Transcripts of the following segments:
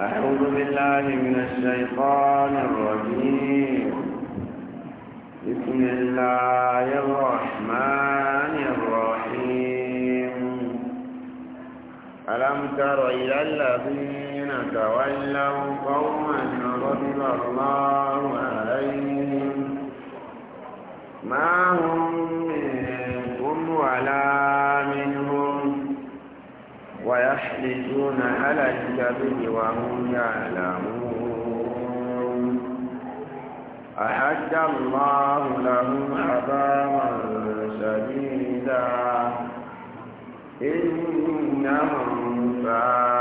أعوذ بالله من الشيطان الرجيم بسم الله الرحمن الرحيم ألم تر إلى الذين تولوا قوما غضب الله عليهم ما هم يحلفون على الكذب وهم يعلمون أحد الله لهم عذابا شديدا إنهم فاعلون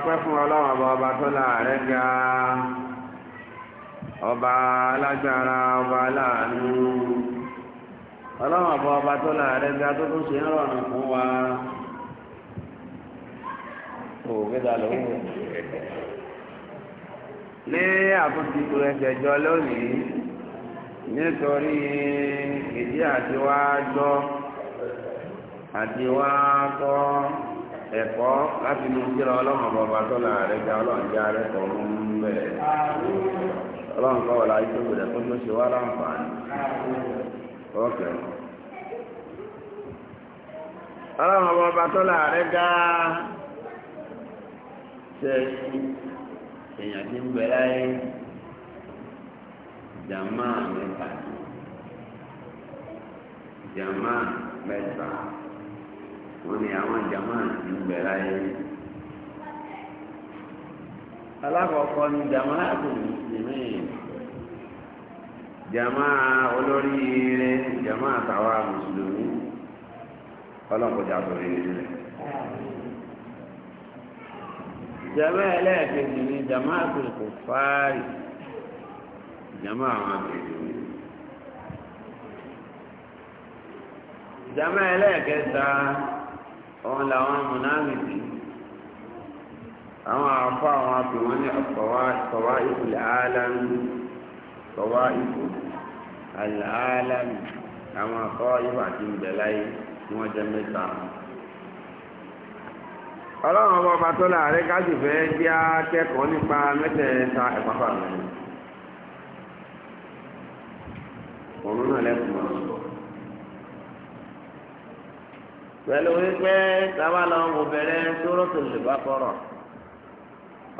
ọpẹ́ fún ọba ọba tó láàrẹ́ ga ọba alágbára ọba aláàánú ọlọ́run ọba ọba tó láàrẹ́ ga tó tún ṣe rọrùn fún wa ní àtúntì tó ẹsẹ̀ jọ lónìí nítorí ìdí àti wá àti wá ẹ̀kọ́ láti mú kíra ọlọ́run ọba tó rẹ̀ já ọlọ́run rẹ̀ kọ̀ ọ́n bẹ̀rẹ̀ ọlọ́run kọ́ wọlé ayé tó gbèrè fún tó ṣe wá láǹfààní ọ̀kẹ́ wọ́n ni àwọn jamaa ti ń bẹ̀rẹ̀ ayé alákọ̀ọ́kọ́ ni jamaa tó mùsùlùmí jamaa olórí ire jamaa tàwa mùsùlùmí ọlọ́kọ̀jà tó rí jamaa ẹlẹ́ẹ̀kejì ni jamaa tó kò fáàrì jamaa àwọn akéwì jamaa ẹlẹ́ẹ̀kẹta. òun làwọn mùnáfìkì àwọn àfọ àwọn àbẹ̀wọ́n ní ọ̀pọ̀wá ìpìlẹ̀ álámì ọ̀pọ̀wá ìpò àlámì àwọn àfọ ìwà àti ìgbẹ̀láyé tí wọ́n jẹ mẹ́ta ọlọ́run ọba ọba tó láàrẹ kájú fẹ́ jẹ́ akẹ́kọ̀ọ́ nípa mẹ́tẹ̀ẹ̀ta ẹ̀pápá rẹ̀ òun náà lẹ́kùn ọ̀rọ̀ pẹ̀lú wípé sábà lọ wò bẹ̀rẹ̀ sóròtò lè bá kọ̀rọ̀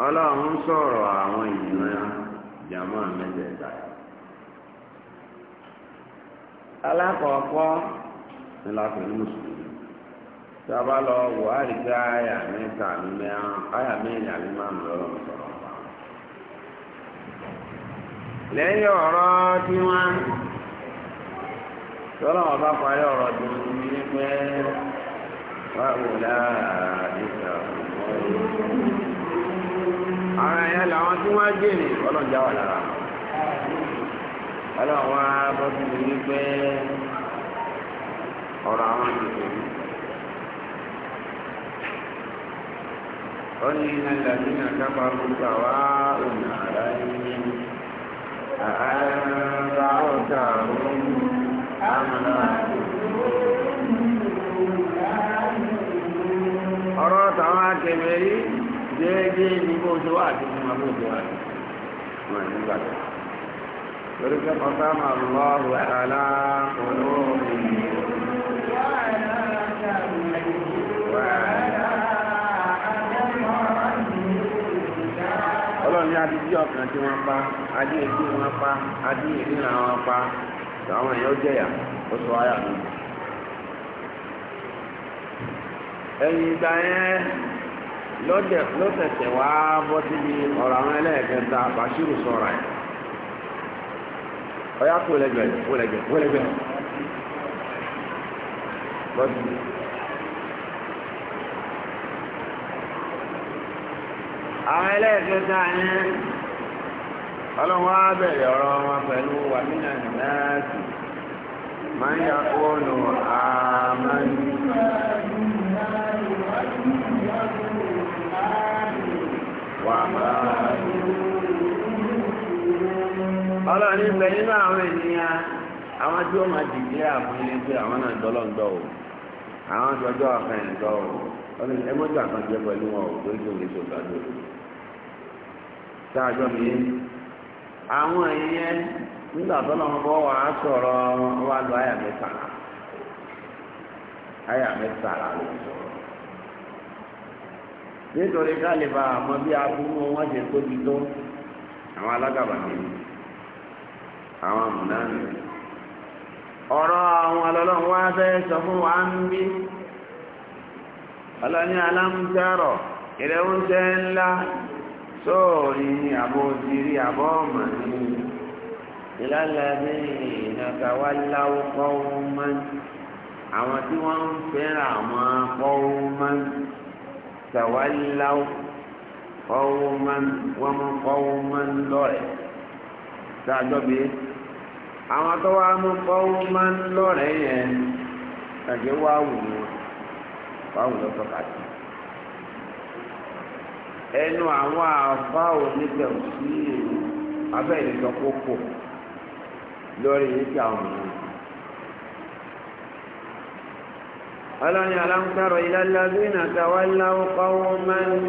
ọlọ́run sọ̀rọ̀ àwọn ìran jàmọ́ mẹ́tẹ̀ẹ̀ta. alákọ̀ọ́kọ́ ni la mùsùlùmí sábà lọ wò àrígbé àyà mẹ́ta mímẹ́ àyà mẹ́rin àbí márùn lọ́rọ̀ sọ̀rọ̀ lẹ́yìn فأولئك àwọn ẹ̀yà làwọn tí wọ́n jèrè ọlọ́jà wà lára ọlọ́wọ́ abọ́sílẹ̀ wípé ọ̀rọ̀ àwọn ìdìbò ó ní iná ìdàgbé náà kápá gbogbo àwa òun àrà yìí àárẹ̀ ọ̀tá òun àmàlà àti kẹfẹ́ rí déédéé ní bó ṣe wà àti fún abó ṣe wà ní wọn ní gbàgbọ́. lórí kẹfọ́ sáàmà lọ́ọ̀rù àlá olóògùn ọlọ́run ní adíjí ọkàn tí wọ́n pa adí èdè wọn pa adí ìríran wọn pa àwọn èèyàn jẹ̀yà ó sọ ayà mi. ẹ̀yìn ìgbà yẹn ló tẹ̀sẹ̀ wá bọ́ síbi ọ̀rọ̀ àwọn ẹlẹ́ẹ̀kẹta Bashiru sọ̀rọ̀ ẹ̀ ọ̀yá kó lẹ́gbẹ̀ẹ́ kó lẹ́gbẹ̀ẹ́ kó lẹ́gbẹ̀ẹ́ lọ́dún. àwọn ẹlẹ́ẹ̀kẹta yẹn ọlọ́wọ́ á bẹ̀rẹ̀ ọ̀rọ̀ wọn pẹ̀lú wàmínà náà sì máa ń yà kó lò àmàlù. ọlọ́run níbẹ̀ nínú àwọn ènìyàn àwọn tí ó máa dìde àwọn ilé pé àwọn náà dọ́lọ́ ń dọ́ o àwọn jọjọ́ ọ̀kan ẹ̀ dọ́ o ọlọ́run ẹ mọ́jọ́ pẹ̀lú wọn o tó lè so gbàdó sáájọ́ mi àwọn nígbà tọ́lọ́ bọ́ wàá sọ̀rọ̀ wọn nítorí kálíbà àmọ́ bí aburú wọn ṣe tóbi tó àwọn alágàbàgbé àwọn àmúdánù ọ̀rọ̀ àwọn ọlọ́lọ́run wá fẹ́ sọ fún wa ń bí ọlọ́ni alámúsẹ́rọ̀ ìrẹ́wúnṣẹ́ ńlá sóòrí àbọ̀ òjìrí àbọ̀ ọ̀mà ní ìlàlẹ́bí ìnàkàwá láwọ́ kọ́wọ́ mọ́ àwọn tí wọ́n ń fẹ́ràn àwọn tàwáláwó kọ́wọ́mọ́ lọ́rẹ̀ sáàjọ́bí àwọn tó wá mú kọ́wọ́mọ́ lọ́rẹ̀ yẹn tàbí wá wù wọn wá wù lọ́tọ̀ kàtí àwọn àfá onígbà òsì abẹ́ ìdíjọ́ kókò lórí yìí tí àwọn mìíràn ọlọ́ni aláǹtarọ̀ ìlàlábínà tàwàláwó pàwọ́ mẹ́rin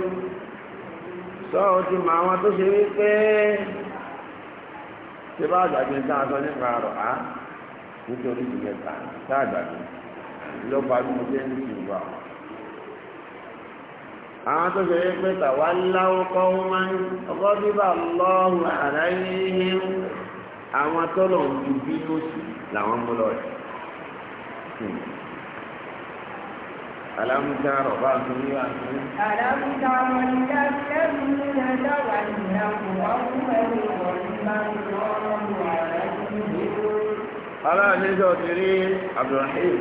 sọ́ọ̀ ti ma wọn tó ṣe wípé tí bá àgbàgbé ń tààtọ́ nípa rọ̀ á nítorí ìgbẹ̀ta tààgbàgbé ló parí mo jẹ́ ní ìwà àwọn tó ṣe wípé tàwàláwó pàwọ́ mẹ́rin ọkọ̀ bíbà lọ́rùn àdáyéhìn àwọn tọ́lọ̀ ń ju bínú sí làwọn mú lọ́rẹ̀ ألم تر رسول ألم تر الذين تولوا قوما Aláàrin jọ ti rí Abdulrahim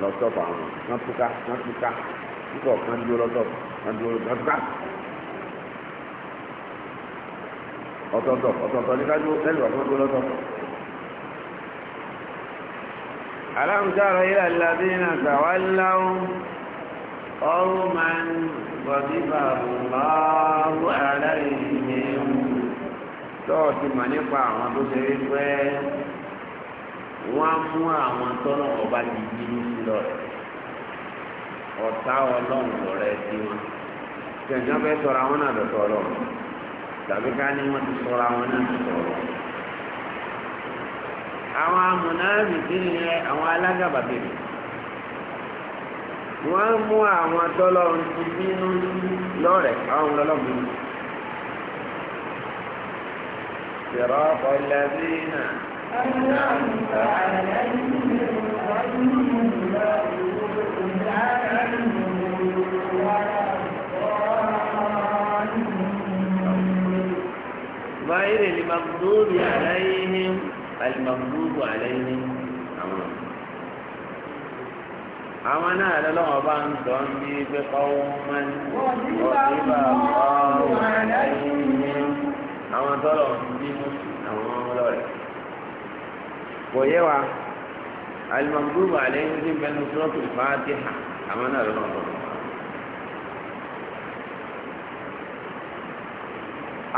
lọ́tọ̀pọ̀ àwọn wọ́n túká wọ́n túká púpọ̀ kan dúró lọ́tọ̀pọ̀ wọ́n dúró lọ́tọ̀pọ̀. Ọ̀tọ̀ọ̀tọ̀ ọ̀tọ̀ọ̀tọ̀ ní ká dúró lẹ́nu ọ̀kan dúró lọ́tọ̀pọ̀. ألم تر إلى الذين تولوا قوما غضب الله عليهم tọ́ọ̀tí mà nípa àwọn tó ṣe rí pé wọ́n á mú àwọn tọ́nà ọba ti bínú sí lọ rẹ̀ ọ̀tá ọlọ́run lọ́rẹ́ sí wọn tẹ̀sán fẹ́ sọ̀rọ̀ àwọn náà lọ́tọ̀ ọlọ́run tàbí ká ní wọ́n ti sọ̀rọ̀ àwọn náà lọ́tọ̀ ọlọ́run àwọn amúnáàbì tí nìyẹn àwọn alágàbàbèrè wọ́n mú àwọn tọ́lọ́run ti bínú lọ́rẹ̀ àwọn ọlọ́run صراط الذين أنعمت عليهم غير المغضوب عليهم alimọ̀mùdúdú alẹ́ ní àwọn. àwọn náà lọ́lọ́wọ́ bá ń sọ ń bí pé kọ́wọ́ máa ń wọ́n bí bá ọ̀rọ̀ alẹ́ ní àwọn tọ́lọ̀ ń bí mú àwọn ọlọ́rẹ̀. kò yé wa alimọ̀mùdúdú alẹ́ ní ti bẹ́ẹ̀ ní sọ́ọ̀tù fàátìhà àwọn náà lọ́lọ́wọ́ bá ń sọ.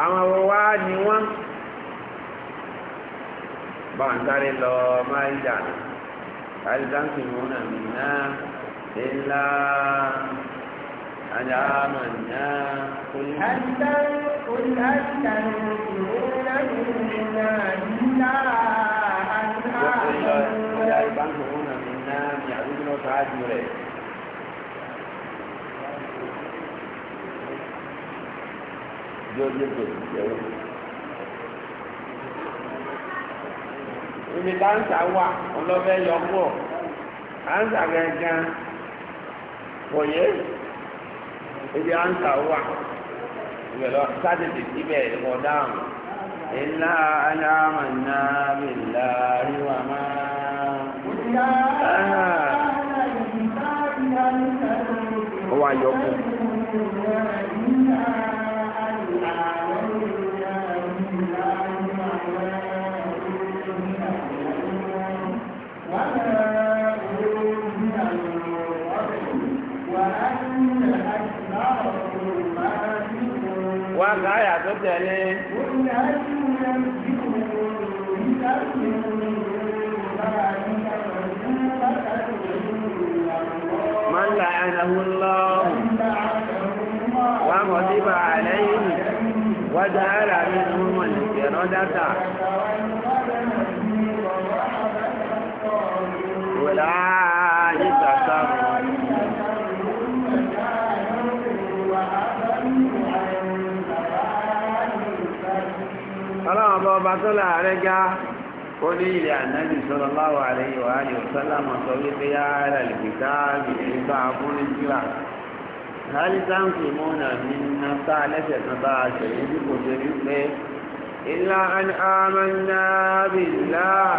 àwọn wa ni wọ́n bá ń sáré lọ máa ń jà àìsáǹsì múnà mìíná ńlá àyàmà náà olùhàtà olùhàtà ìrúnà mìíná ńlá àìsáǹsì múnà mìíná ní àdúgbò sáájú rẹ̀. Yo, yo, yo, yo. ibi táǹsà wà ọlọ́fẹ́ yọ pọ̀ áńsà gẹ́gẹ́ wòye ibi áńsà wà ìbẹ̀lọ sátidì ibẹ̀ ìwọ̀ dáhùn ilá aláàmàná bìlá ríwà máa wà yọ pọ̀. wá káyà tó tẹ̀lé. من لعنه الله وغضب عليه وجعل منهم القردة أولئك ọba tó láàárẹ̀ ga ó ní ilẹ̀ ànábì sallallahu alaihi wa alihi wa sallam sọ wípé yá ara lèkìtà nígbà fúnìjìlá hálítàǹkì mọ́nà ní nàta lẹ́sẹ̀ kan bá a ṣe yìí kò ṣe wípé ilá an amanna billah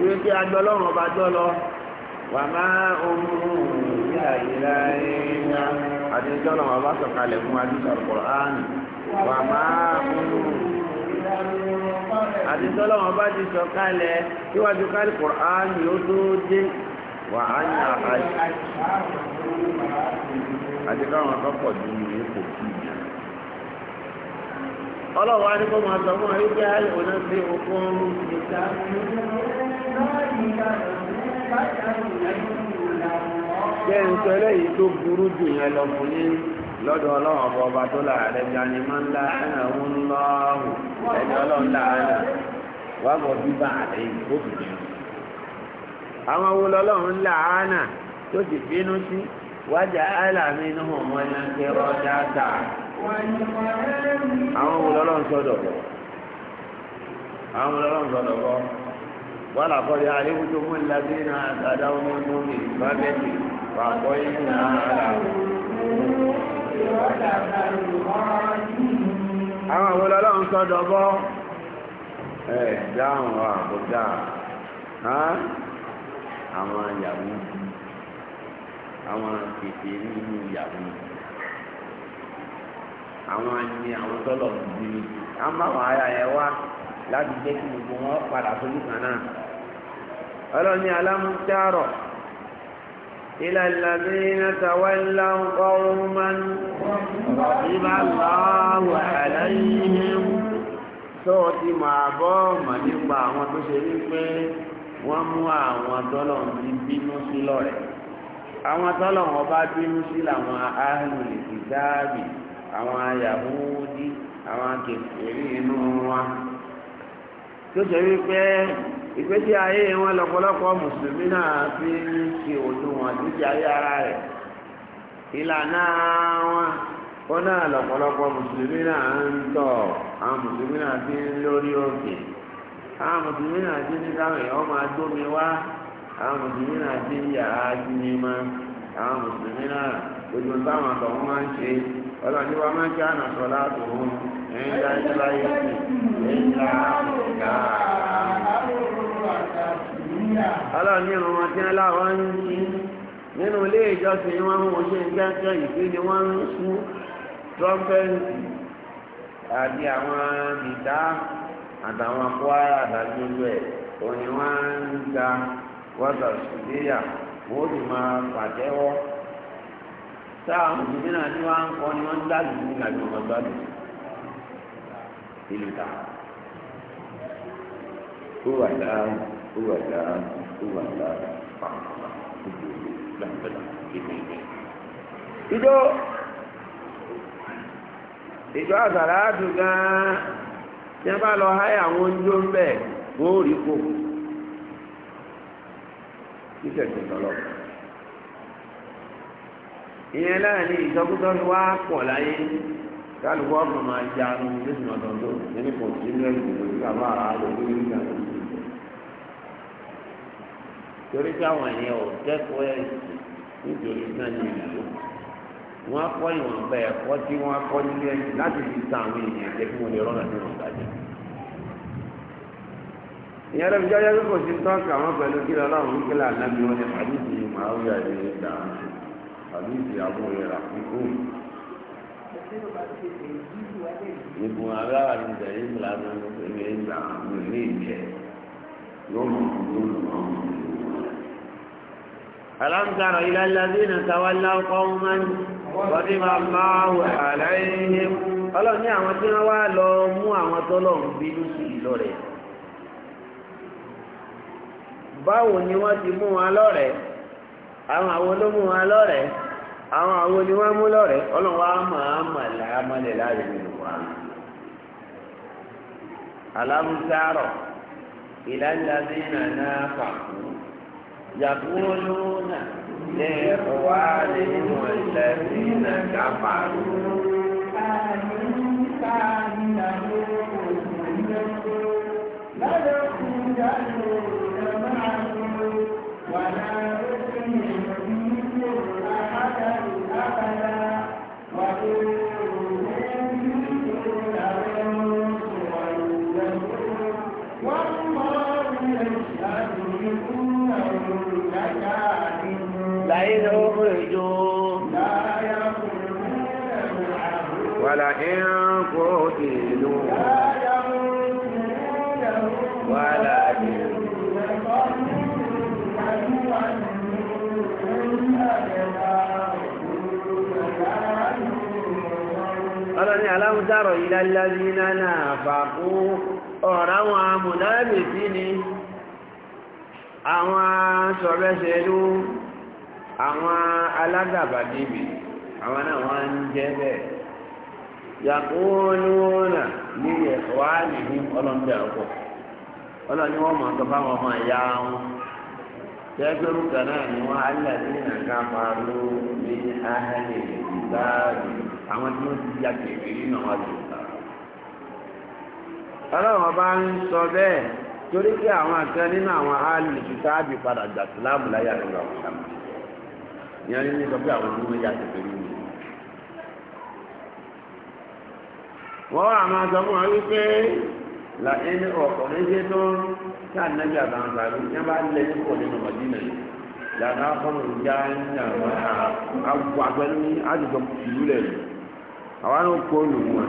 yóò kí agbọ́lọ́run ọba tó lọ wà máa ohun ìyá ìlà ẹ̀yà àti ìjọ́lọ́run ọba sọ̀kalẹ̀ fún adúsọ̀rọ̀ Kùránì wà máa ohun àti tọ́lọ́wọ́n bá ti sọ kálẹ̀ síwájú kálí kùránì ó tó dé wà á ní àhàjì àti káwọn akọ́pọ̀ ju ipò kí ìyá. ọlọ́wọ́ á ní kó máa sọ fún ọ wípé á lè wọlé sí okun ọrùn ìta. bẹ́ẹ̀ ń sọ eléyìí tó burú jù yẹn lọ fún yín. lọ́dọ̀ ọlọ́run ọba tó láàrẹ jani máa ń la ẹ̀nà ń lọ́ọ̀hùn ẹni ọlọ́run láàrẹ wà bọ̀ bíbá àlẹ́yìn àwọn lọ́lọ́run tó bínú sí wájà áìlàmì inú ọmọ mọ́ iná kí ọ àwọn wo lọ́lọ́run sọ̀dọ̀ bọ̀ àwọn lọ́lọ́run sọ̀dọ̀ bọ̀ wọ́n mú náà bá bẹ́ẹ̀ àwọn àwọn ọlọ́run sọ́dọ̀ bọ́ ẹ̀ dáhùn àbúdá àwọn ìyàwó àwọn kèfè nínú ìyàwó àwọn ni àwọn tọ́lọ̀ bí a ń bá wọn ara ẹ wá láti jẹ́ kí gbogbo wọn padà sójú kan náà ọlọ́ni alámútárọ̀ إلى الذين تولوا قوما غضب الله عليهم sọ́ọ̀tí máa bọ́ ọmọ nípa àwọn tó ṣe wípé wọ́n mú àwọn tọ́lọ̀ ní bínú sí lọ́rẹ̀ àwọn tọ́lọ̀ wọn bá bínú sí làwọn ahlul kitabi ìgbésí ayé wọn lọpọlọpọ mùsùlùmí náà fi ń ṣe òdùn wọn títí ayé ara rẹ̀ ìlànà wọn ó náà lọ́pọ̀lọpọ̀ mùsùlùmí náà ń àwọn mùsùlùmí náà fi ń lórí òkè àwọn mùsùlùmí náà ti ní káwọn èèyàn máa gbómi wá àwọn mùsùlùmí náà ti ń yàrá jíní a àwọn mùsùlùmí náà gbogbo táwọn àtọ̀ wọn máa ń ṣe ala ní ìrún wọn tí wọ́n láwọn ń ṣí nínú ilé ìjọsìn wọn ń wọ́n ṣe ń kẹ́kẹ́ ni wọ́n ń ṣú trọ́mpẹ́ǹtì àti àwọn bìtá àtàwọn kwara àtàgbélú ẹ̀ ni wọ́n ń ga wọ́tà sùdíyà wọ́n sì máa pàtẹ́wọ́ sáà náà tí wọ́n ni wọ́n ń هو لا هو لا ìjọ ìjọ àṣàrà àdùgá tí a bá lọ háyà àwọn oúnjẹ ń bẹ̀ wọ́n ò rí ìyẹn láàrin ìṣọ́kútọ́ ni wá pọ̀ láyé kálukú ọkàn máa jẹun lóṣù ọ̀dọ́dọ́ nínú kò sí nínú ẹ̀sìn lórí àwọn ará lórí ìgbà lórí torí pé àwọn ènìyàn ò dẹ́kun ẹ̀sìn nítorí náà ní ìlú wọn kọ́ ìwọ̀nba ẹ̀kọ́ tí wọ́n kọ́ nílé ẹ̀sìn láti fi ta àwọn ènìyàn jẹ́ kí wọ́n lè rọ́nà tí wọ́n gbàjẹ́. ìyẹn lẹ́nu jẹ́ ọjọ́ kò sí tọ́ka wọn pẹ̀lú kí lọ́lọ́run ń kílà nábì wọn ní àdìsí màáwíà ní ìgbà àdìsí àbúrò ìkú. ìbùn alára ní ìdẹ̀yìn ìlànà ìgbà àwọn ilé ìjẹ yóò mọ̀ ọ́n ألم إلى الذين تولوا قوما غضب الله عليهم Ọlọ́run ní àwọn tí wọ́n wá lọ mú àwọn tọ́lọ́run bínú sí ìlọ́rẹ̀. Báwo ni wọ́n ti mú wọn lọ́rẹ̀? Àwọn àwọn ló mú wọn lọ́rẹ̀. Àwọn àwọn ni wọ́n mú lọ́rẹ̀. Ọlọ́run wá máa láàrin nínú wa. Alámúsárọ̀ ìlànà bí nàná fàkùn. يقولون لإخوانهم الذين كفروا أن كان لدخلوا ولئن أخرجوا ولئن قتلوا ولئن ọlọ́ni aláwùdárọ̀ ìlàlábí náà fàkú ọ̀rọ̀ àwọn amùnáàbì sí ni àwọn sọ̀rẹ́sẹ̀lú àwọn alágàbàdìbì àwọn náà wọ́n ń jẹ́ bẹ́ẹ̀ yàkúnúnà ní ẹ̀wà nìyí ọlọ́mọdé ọkọ ọlọ́ni wọ́n mọ̀ fáwọn ọmọ wọn kan náà ni ní ìgbàlù àwọn tí ti ya kèké nínú àwọn àjòkà. ọlọ́run ọba ń sọ bẹ́ẹ̀ torí pé àwọn àkẹ́ nínú àwọn alẹ́ ìṣúta àbí padà jà láyé àti ìgbà ìyẹn ní sọ pé àwọn onímọ̀ yà tẹ̀lé ní ìlú. wọ́n wà máa sọ fún wa wípé là ẹni ọ̀kọ̀rin ṣe tó ń sànẹ́bí àtàǹsà rí ní bá lẹ̀ ní pọ̀ nínú mọ̀dínà yìí yàrá fọ́nù já ń jà wọ́n àgbẹ̀lú ní àdìjọ ìlú rẹ̀ àwọn àwọn kò lù wọn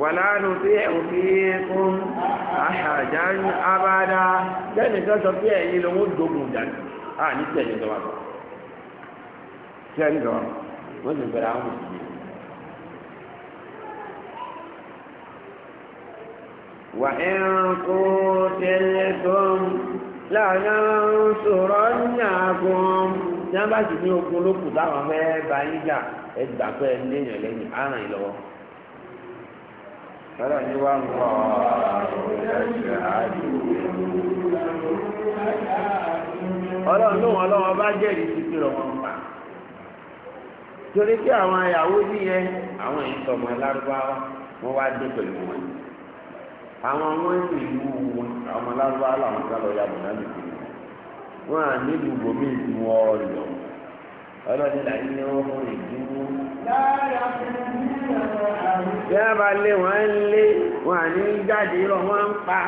wàlá sọ pé ẹ̀yin a ah, ní tí ẹ̀yìn ìjọba tí ẹ̀yìn ìjọba wọ́n ti bẹ̀rẹ̀ àwọn mùsùlùmí. wà á kó tẹ́lẹ̀ tó ń láàánú sọ̀rọ̀ ní àgùn tí wọ́n ní ogun lókùn táwọn fẹ́ bá yín jà ẹ gbà pé ẹ ń léèyàn lẹ́yìn á ràn sọ́dọ̀ ní wà ń bọ̀ ọlọ́run lóhun ọlọ́run bá jẹ́rìí sí pé ọmọ ń bà torí pé àwọn ìyàwó ní àwọn lárúbáwá wọn wá dé pẹ̀lú wọn àwọn ìlú wọn àwọn lárúbáwá làwọn náà nìkan wọn à nílùú wọn ọlọ́dún là ní ọmọ ìdúró. bí a bá lé wọn ń lé wọn àní jáde rọ wọn ń pa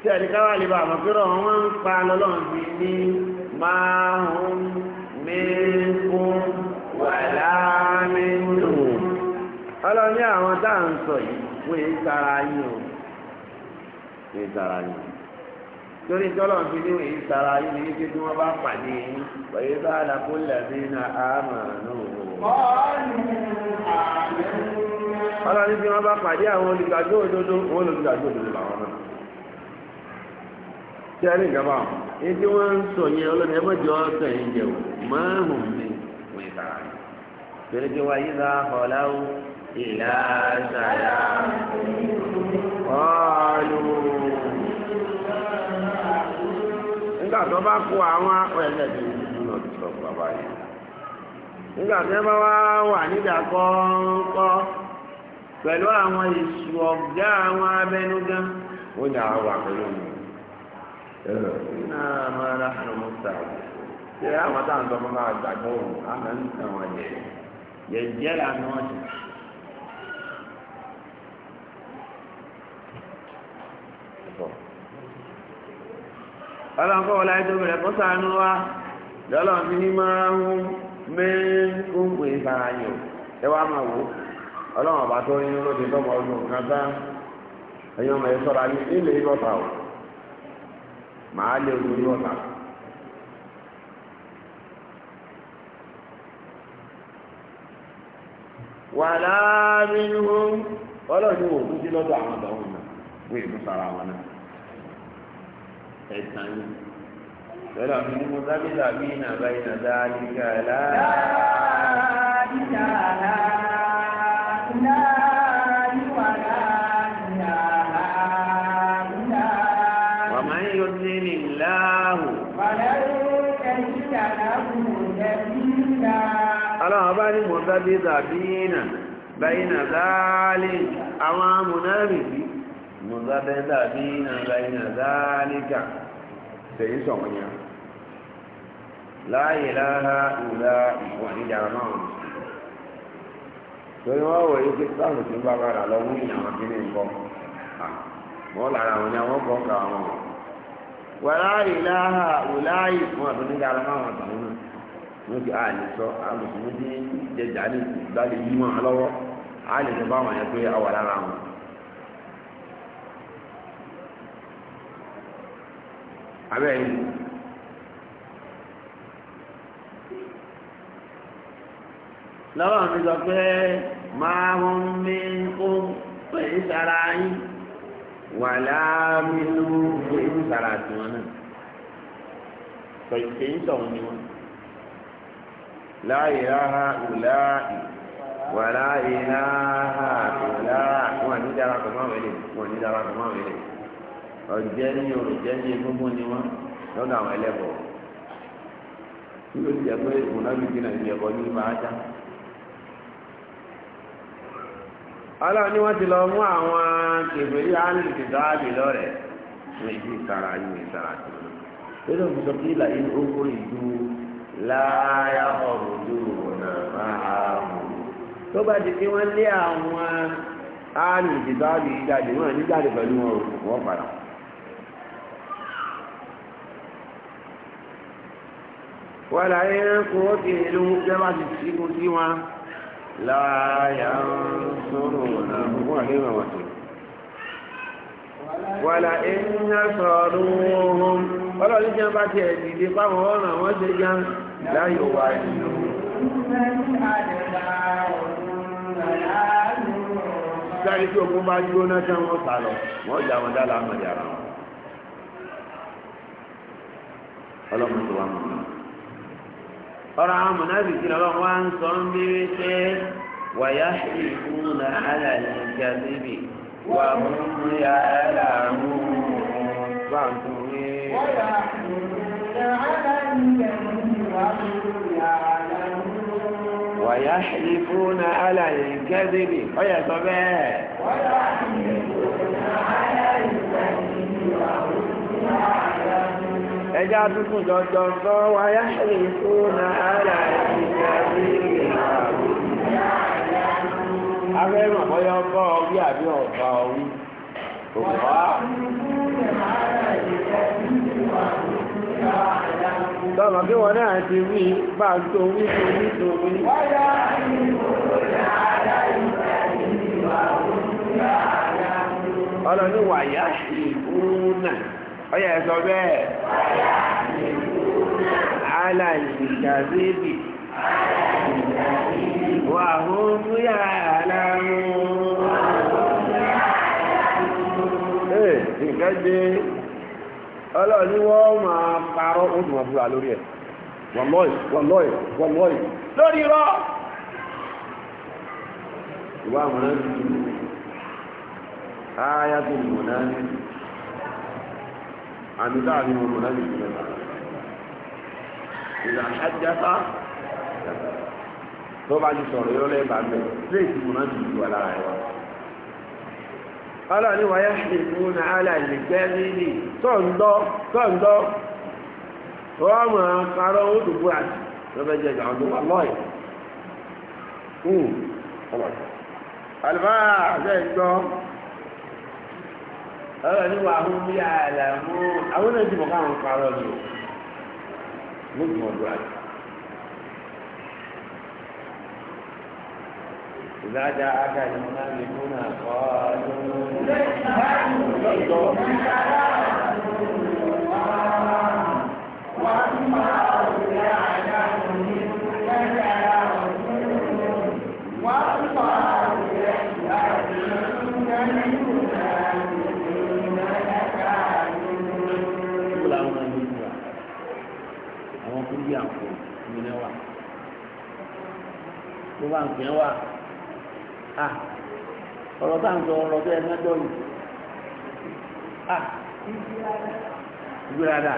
tí ẹnìkan wà lè bá àmọ́ pé rọ wọn ń pa lọ́lọ́run ti ní máa ń mẹ́kún wàlá mẹ́tò. ọlọ́run ní àwọn tá sọ yìí wọ́n èé sára yín o torí tọ́lọ̀ fi ní èyí sara yìí ní ibi tí wọ́n bá pàdé yìí pẹ̀lú bá àdàkó lẹ́bí na àmàánú. ọlọ́ni tí wọ́n bá pàdé àwọn olùgbàgbọ́ òdodo wọ́n olùgbàgbọ́ òdodo làwọn náà. tí a ní ìjọba ní tí wọ́n ń sọ yẹn ọlọ́ni ẹ mọ̀jọ ọ̀sẹ̀ yìí jẹ́ o márùn-ún wọ́n yìí sara yìí. torí tí wọ́n yí sá ọ̀làwọ̀ ìlà àṣàyà ọ̀ọ́lù. nígbà tó bá kó àwọn ẹ̀lẹ́ ti dúdú náà ti sọ ya. yìí nígbà tó bá wá wà nígbà kọ́ńkọ́ pẹ̀lú àwọn ọ̀gá àwọn abẹnugan ó ní àwọn wà pẹ̀lú mi ẹ̀rọ máa rà àwọn mọ́tà ṣe àwọn táwọn tó máa gbàgbọ́ àwọn àǹtàwọn yẹ yẹ jẹ́ lànà ọlọ́nkọ́ wọlé ẹjọ́ bẹ̀rẹ̀ kó sànú wa lọ́lọ́n fi ní máa ń mẹ́kún pé sàáyò máa wò ọlọ́run tó nínú ló tọ́mọ ọdún sọ́ra ní ilé lé wà láàrin sí lọ́dọ̀ àwọn ọ̀dọ́ náà sára ẹ̀sán ni lọ́dọ̀ mi ní mo sábẹ́ tàbí ìnàbá ìnàdá àdìgá láàá. láàdìgá láàá. ní mọ̀sábí tàbí ìnà bẹ́yìn àdáálé àwọn amúnárìbí mọ̀sádẹ́dà bí iná láyìnà dáálíkà tẹ̀yí sọ̀wọ́n yẹn láàyè lára ìlà ìwà níjàrá náà torí wọ́n wọ̀ yí pé táwọn ti ń bá padà lọ mú ìyàwó kíní nǹkan wọ́n lára àwọn ni abẹ́yìn lọ́wọ́ mi sọ pé máa ń mi kó pé sára yín wà láàmì ló pé sára tiwọn náà pèsè ń sọ̀rọ̀ ni wọn. láyé ráhà ìlàhì wà láyé ráhà ìlàhì wọn ní dára kọ̀ máa wẹ̀lẹ̀ wọn ní dára kọ̀ máa wẹ̀lẹ̀. ọ̀jẹ́ ní òròjẹ́ ní egungun ni wọ́n lọ́dọ̀ àwọn ẹlẹ́bọ̀ tí ó ti jẹ́ pé ìmúnábìbí náà ti ẹ̀kọ́ ní máa já. ọlọ́run ni wọ́n ti lọ mú àwọn kèfèrí ti àbí fún yìí tó lọ. sọ pé ìlà yìí ó kó láyà máa mú. tó bá di pé lé àwọn ti àbí jáde wọ́la ẹ̀kọ́ òkèèrè jẹ́ bá ti síkú sí wọn láàyà sọ́rọ̀ àwọn àríwá wàtí wọ́la ẹ̀yà sọ̀rọ̀ ohun ọlọ́rin jẹ́ bá ti ẹ̀dìdì páwọn ọ̀nà wọ́n ṣe já láyò wà nínú Láyé tí òkú bá gbóná tán wọ́n sàlọ̀, wọ́n jà wọn dá láàmà yàrá wọn. Ọlọ́run tó wà mọ̀ ọ̀rọ̀ àwọn mọ̀nàbí tí lọ́wọ́ wá ń sọ ń bèrè pé wàyà ìfúnna alàlẹ́jà níbi wà mú ya aláàmú bá ń tún wí. wàyà níbi wà mú ya aláàmú. wàyà ìfúnna alàlẹ́jà níbi ọ̀yà sọ bẹ́ẹ̀. wàyà ìfúnna alàlẹ́jà níbi wà mú ya aláàmú ẹjá tuntun jọjọ gbọ́ wáyá ṣe tó na ara ìgbà rí abẹ́rùn àbọ́yá ọgbọ́ ọwí àbí ọ̀gbà ọwí òkúta lọ́nà bí wọ́n náà ti wí bá ń tó wí tó wí tó wí wáyá ìgbò náà ọlọ́ni wàyá ìgbò náà ọyà ẹ̀sọ bẹ́ẹ̀ alàìkàzébì wà hún yàrá aláàmú ẹ̀ nǹkan dé ọlọ́ọ̀ni wọ́n máa parọ́ ó sì máa fúra lórí ẹ̀ wọ́lọ́ì wọ́lọ́ì wọ́lọ́ì lórí rọ́ ìwà mọ̀nà ní ayatollah mọ̀nà ní àmì táà ní wọn mọ̀lá nìyí mẹ́ta ìlà àjáfá tó bá ti sọ̀rọ̀ yọ lẹ́bàá mẹ́ léèkì mọ̀lá nìyí wà lára ẹ̀wà ọlọ́ni wáyé ṣèkún àlà ìlẹ̀gbẹ́ nílì tọ́ǹdọ́ tọ́ǹdọ́ wọ́n ṣe ń gbọ́ ọ̀rọ̀ ní ahụ hún bí àlàmú àwọn náà dìbò káwọn parọ́ ni o lóògùn aka àwọn tó bí àǹkó ìmìnira wà tó bá ń pín wà á ọ̀rọ̀ tá à ń sọ ọ̀rọ̀ tó yẹ ká dọ̀rù á ìgbéraga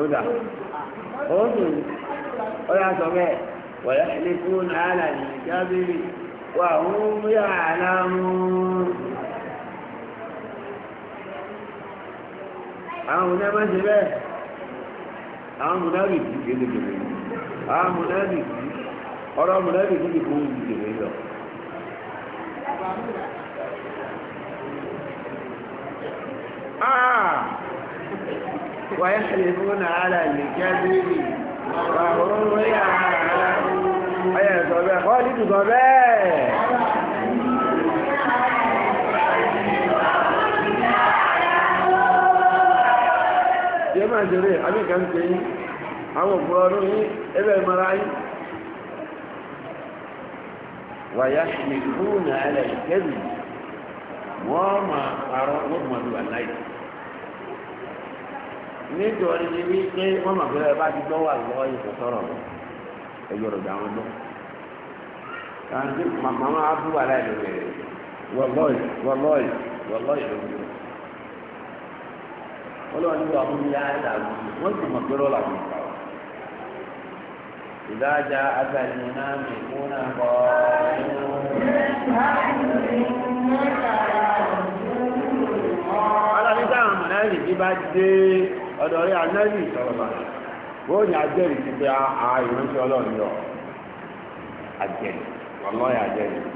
ọ̀dà ọ̀dùn ọ̀yà sọ bẹ́ẹ̀ wọ̀lẹ́ ẹ̀lẹ́kùn náà là ní ìjábìrì wà ó ń yà á lámú. àwọn ọ̀nà máa ń ṣe bẹ́ẹ̀ àwọn mùnábì kì í ṣe lè kèrè àwọn mùnábì kì í ọ̀rọ̀ mùnábì kì í kò ń di lọ. wàyà ṣe fún ààrẹ àlèkí àdébì wà ó ń rí ààrẹ ọ̀yà ìsọ̀bẹ̀ kọ́ ní ìsọ̀bẹ̀. máa ṣeré anyị ń pè yín àwọn mara yín wàyá ìgbóhùn àlẹ́ ìkẹ́lù wọ́n máa parọ́ wọ́n máa lu àláì nítorí ni wípé wọ́n máa fi bá ti gbọ́ wà lọ́wọ́ ìfọ̀sọ́rọ̀ ẹ̀yọ̀ rẹ̀ dáwọn lọ. kàńtì màmá abúlé àláì ló bẹ̀rẹ̀ ọlọ́run nígbà wọn ní àdá wọn sì mọ̀ pé rọ́lá wọn kà ó. ìdájà agbàdì náà mi kú náà kọ́ inú. alábí táwọn mọ̀lẹ́rì bí bá dé ọ̀dọ̀ rí anẹ́rì ìṣọ̀rọ̀ bá wọ́n ní ajẹ́rìí ti pé àìránṣẹ́ ọlọ́run yọ ajẹ́rìí ọlọ́run ajẹ́rìí.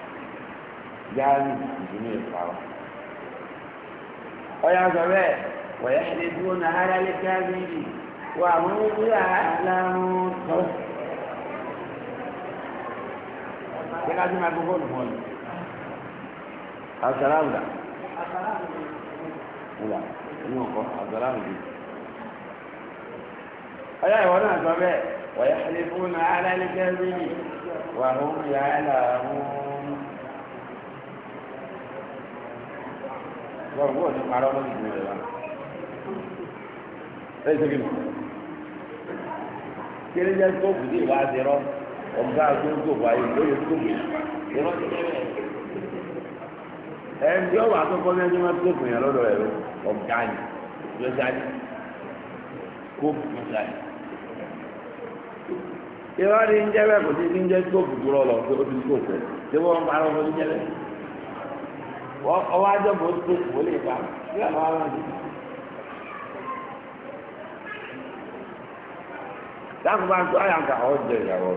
yáàlì ìdúró ìpara ọyà sọ bẹ́ẹ̀ wọ̀yá ilé dúró náà ara lè ká bíbí wọ àwọn ojú àlàrun tó. ṣé ká sí máa gbogbo olùkọ́ ni àṣàrà àwùdà àwùdà inú ọkọ àṣàrà àwùdà ọyà ìwọ náà sọ bẹ́ẹ̀ dúró náà ara wọ́n wọ́n ní parọ́ wá. ẹ ṣe kíni kéré jẹ́ stóòpù ní lóye stóòpù ìrọ́ ti tẹ́lẹ̀. ẹ̀ ń bí ọ̀wà ẹjọ́ máa stóòpù yẹn lọ́dọ̀ ẹ̀rọ ọ̀gá ni lọ́sàdì kóòpù lọ́sàdì. ìwádìí ń jẹ́ bẹ́ẹ̀ kò sí ní ń jẹ́ stóòpù dúró lọ pé ti stóòpù ẹ̀ ṣé wọ́n ń parọ́ fún ń jẹ́ bẹ́ẹ̀. ọwọ́ ajọ́bọ̀ ó tó kò lè bá sí àwọn ará mi. bá tó àyà ń ka ọ jẹ ìyàwó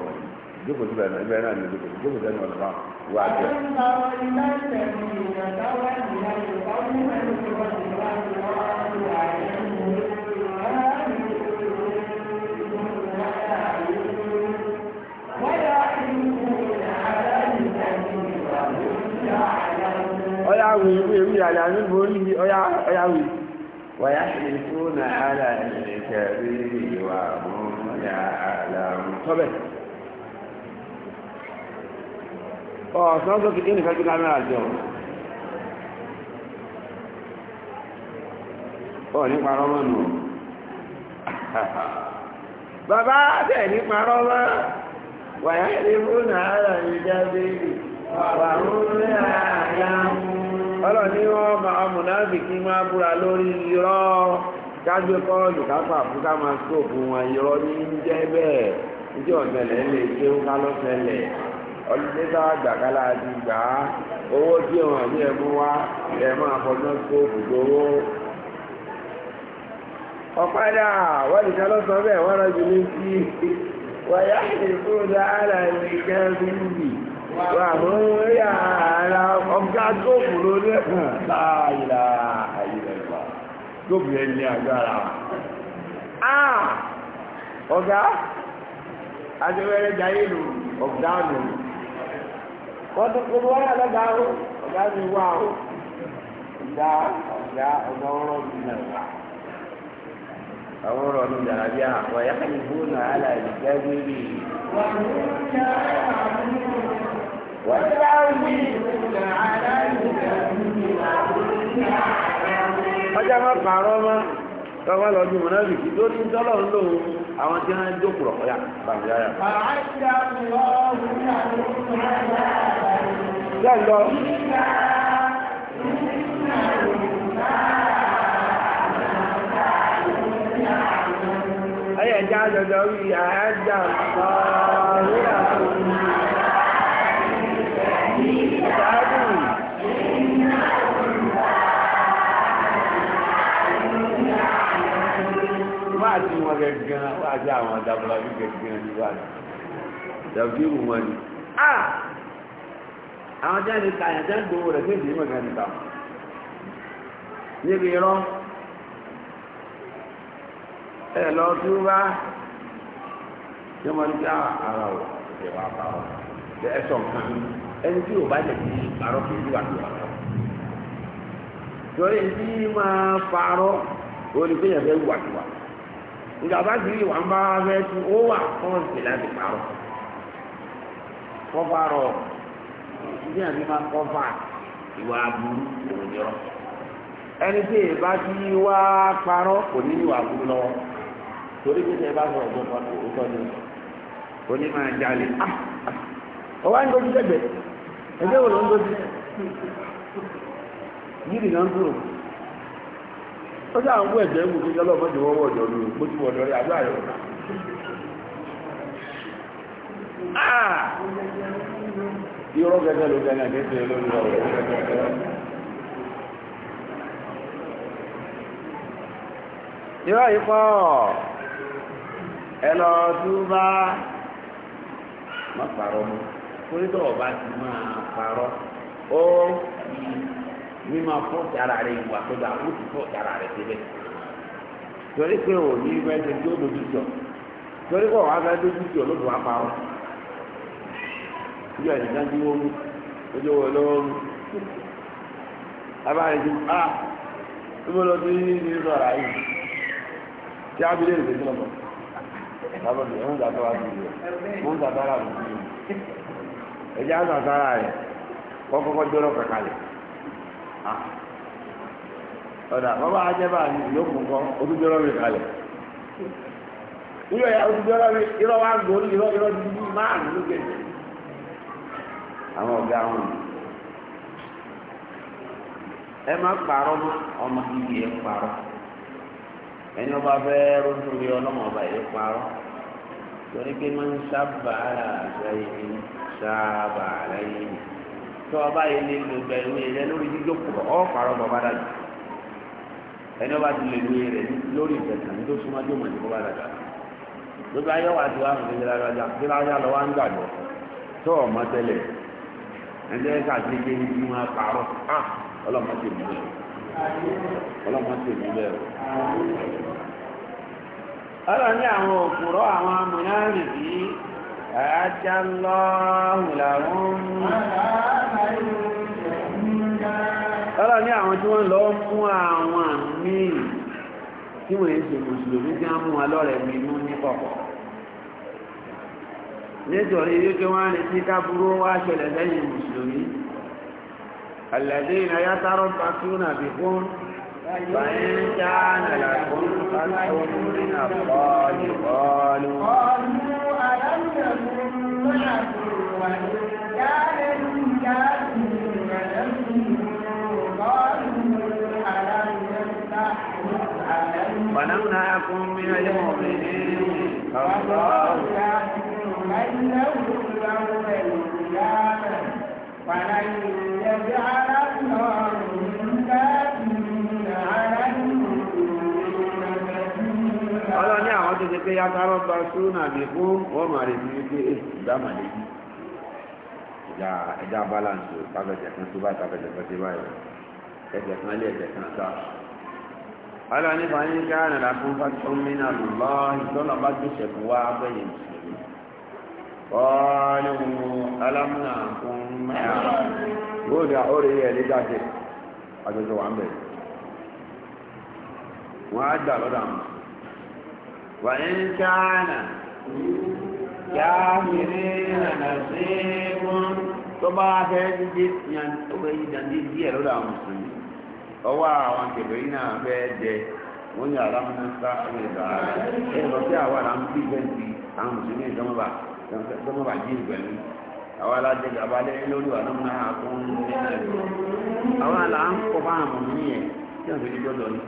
jókòó síbẹ̀ náà ibẹ̀ náà jókòó jókòó ọ̀nà bá wà á jẹ. wù ewu ewu yàrá ní borí ọyá ọyá wù. wọ́yá ṣe fún àhálà ìrìnkẹ̀ rí ìwà mú ọ̀yà àlàmù tọ́bẹ̀. ọ̀sán tó kìí nìkan kí lámẹ́ra jọ ọ̀ nípa rọ́mọ́ ọlọ́ ní wọ́n máa búra lórí irọ́ kájú káfà fún máa sóòpù wọn irọ́ ní jẹ́ bẹ́ẹ̀ ìdí ọ̀sẹ̀lẹ̀ lè ṣe ń ká lọ́sẹ̀lẹ̀ ọdúnlẹ́sà àgbàkálà ti gbà á owó tí wọn ẹ wá ẹ máa fọdún sóòpù gbowó. ọ̀padà wọ́n ti bẹ́ẹ̀ wọ́n rọ́jú ní sí wọ́n yá ràmúyà ara ọgá góòfù lórí ẹ̀kùn láàyè àìlẹ̀lọ́ góòfù yẹn ní agbára ọgá adéwẹ́rẹ́ jayé lò ọgá nù wọ́n tó kó wọ́n yà lọ́gá ó ọgá mi wá ó ọgá ọgá ọgá ọrọ̀ mi nà wá àwọn ọ̀rọ̀ ní ìdàràbíà wọ̀nyá ìbúnà aláìlẹ́gbẹ̀rẹ̀ ọjọ́ máa pààrọ̀ ọmọ tọ́wọ́ lọ bí mọ̀nàbì kí tó ní tọ́lọ̀ ń lò ó àwọn tí wọ́n ń jókòó ọ̀yà bàbá yára. bẹ́ẹ̀ lọ. ẹ̀yẹ̀ já jọjọ wí àájà. àti àwọn àjàbọ̀lá bí gẹ̀gẹ̀ ní wà ní ìjọba wọn ni àwọn jẹ́ ní ta àyànjẹ́ ń gbowó rẹ̀ tí èdè ìmọ̀ gan níta níbi irọ́ ẹ lọ tí ó bá yọ mọ ní ara ò ṣe wà pa ọ ẹ sọ nǹkan ẹni tí ò bá jẹ kí parọ́ kì í wà ní wà pa torí tí máa parọ́ olùkóyè fẹ́ wà ní wà pa. ìjọba gírí wà ń bá fẹ́ tí ó wà fọ́ọ̀sì láti parọ́ kọ́fà rọ̀ ìdí àti máa kọ́fà ìwà aburú òun yọ ẹni tí ìbá ti wá parọ́ kò ní ìwà torí pé bá sọ̀rọ̀ tó kọ́ tó ní máa jalè ọ ah, ah. wá ń dojú ẹgbẹ́ wo ló ń dojú yìí ń dúró. ó dá àwọn ẹ̀jẹ̀ ń wù kí ọlọ́run mọ́jọ wọ́n wọ̀ ọ̀dọ́ lóru mo ti wọ̀ ọ̀dọ́ rẹ̀ àbí àyọ̀ ah! irọ́ gẹ́gẹ́ ló gẹ́gẹ́ gẹ́gẹ́ lórí ọ̀rọ̀ irọ́ yìí pọ̀ ẹ lọ túbá má parọ́ mọ́ torí tó ọba ti máa parọ́ ó yìí. ní máa fọ́ọ̀tì ìwà tó ó ti torí pé ní ìwé dojú jọ torí pé dojú jọ ló dùn a ah, níbo lọ sí nínú ọ̀rá yìí tí a bí lè rìn sí lọ́mọ sábàbí ẹ̀hún ìdàgbà wá sí ìlú ẹ̀ mú ìdàgbà rà lù sí ìlú ẹ̀jẹ̀ á sàtàrà ọ̀dà bàbá ajẹ́bà ni yóò kọ́ ojújọ́rọ́ mi kalẹ̀ nílò ya ojújọ́rọ́ mi irọ́ wa gbòòrò irọ́ irọ́ dídí máa nínú gẹ̀ẹ́sì àwọn ọ̀gá wọn ni ẹ má pààrọ̀ mọ́ ọmọ gidi ẹ pààrọ̀ ẹni ọba fẹ́ rúdú rí ọlọ́mọ ọba ẹ pààrọ̀ torí pé máa ń sábà àṣà sábà àlàyé yìí tó ọba yìí lè lò gbẹ̀rù yìí rẹ lórí jíjókòó ọ̀ pàrọ̀ bọ̀ bá dàgbà ẹni ọba ti lè lóye rẹ lórí ìtẹ̀sán ní tó súnmọ́ tó mọ̀ ní kó bá dàgbà gbogbo ayé wà tí wà mí ní ìlàjà tí láyà lọ wá ń gbàgbọ́ tó ọmọ tẹ́lẹ̀ ẹni ẹ káàkiri pé ní kí wọn parọ́ á ọlọ́mọ tè mí bẹ́ẹ̀ ọlọ́mọ tè mí bẹ́ẹ̀ o. ọlọ́ni àwọn òkúrọ̀ àwọn amúnáàrì yìí. أعد الله لهم Ọlọ́ ní àwọn tí wọ́n lọ mú àwọn míì tí wọ́n ń Mùsùlùmí tí wọ́n mú wọn lọ́rẹ̀ mi mú ní kọ̀kọ̀. Nítorí wípé wọ́n rí sí kábúrú wá ṣẹlẹ̀ lẹ́yìn Mùsùlùmí. Àlẹ́dé ìnáyá tárọ́ pàtúnà bí fún ولم نكن من المؤمنين فالله يحكم بينهم يوم القيامة ولن يجعل الله ṣe pé yàtàrọ̀ bá ṣúnà bí fún wọ́n máa rí bíi pé èsì ìdámà lè yí ìjà ẹja balance tábẹ̀tẹ̀ kan tó báyìí tábẹ̀tẹ̀ kan tó báyìí ẹ̀jẹ̀ kan lé ẹ̀jẹ̀ kan sá. ọlọ́ nípa ní káàrin rà fún fásitọ́mínà lọ́ ìtọ́nà bá tó ṣẹ̀kú wá bẹ́yìn ìṣẹ̀lẹ̀. ọ̀ọ́nù alámúnà fún mẹ́ta bóòdù àórí ẹ̀ nígbàjẹ́ àjọjọ wà ń bẹ̀. wọ́n á gbà lọ́dọ̀ àwọn وإن كان كافرين نصيب طبعا كذب يعني أبيدا دي دي لولا مسلمين ọwọ́ àwọn kẹfẹ́rí náà fẹ́ jẹ wọ́n ní alámúnáṣá ẹ̀rọ ẹ̀rọ tí àwọn àwọn pífẹ́ǹtì àwọn mùsùlùmí ìdánwòbà ìdánwòbà jí ìgbẹ̀lú àwọn alájẹ abalẹ̀ lórí alámúnáṣá tó ń lé ẹ̀rọ àwọn àlà ń kọ́ fáwọn àmọ̀mí yẹn tí wọ́n fi dé gbọ́dọ̀ ní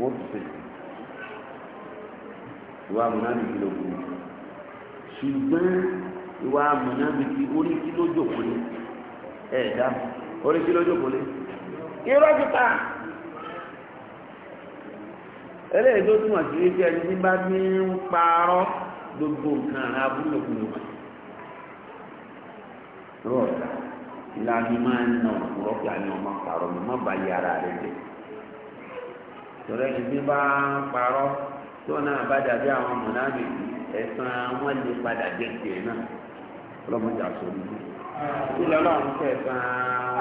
wọ́n ti sèkì ìwà amúnábìkì ló burú ṣùgbọ́n ìwà amúnábìkì orí kí ló jòkó lé ẹ̀ẹ́dá orí kí ló jòkó lé irọ́ kíta eléyìí tó túmọ̀ sí wípé ẹni tí bá ní ń parọ́ gbogbo nǹkan ara abúlé òkúlù wọn rọ ìlànà máa ń nà ọ̀rọ̀ pé àní ọmọ parọ́ mọ́ bá yàrá rẹ̀ jẹ́ torí ẹni tí bá ń parọ́ tí wọn náà bá dàbí àwọn mọ̀nàmì ẹ̀sán wọn lè padà dé tiẹ̀ náà ọlọ́mọdé àsọ̀rọ̀ yìí. إلى الله كيف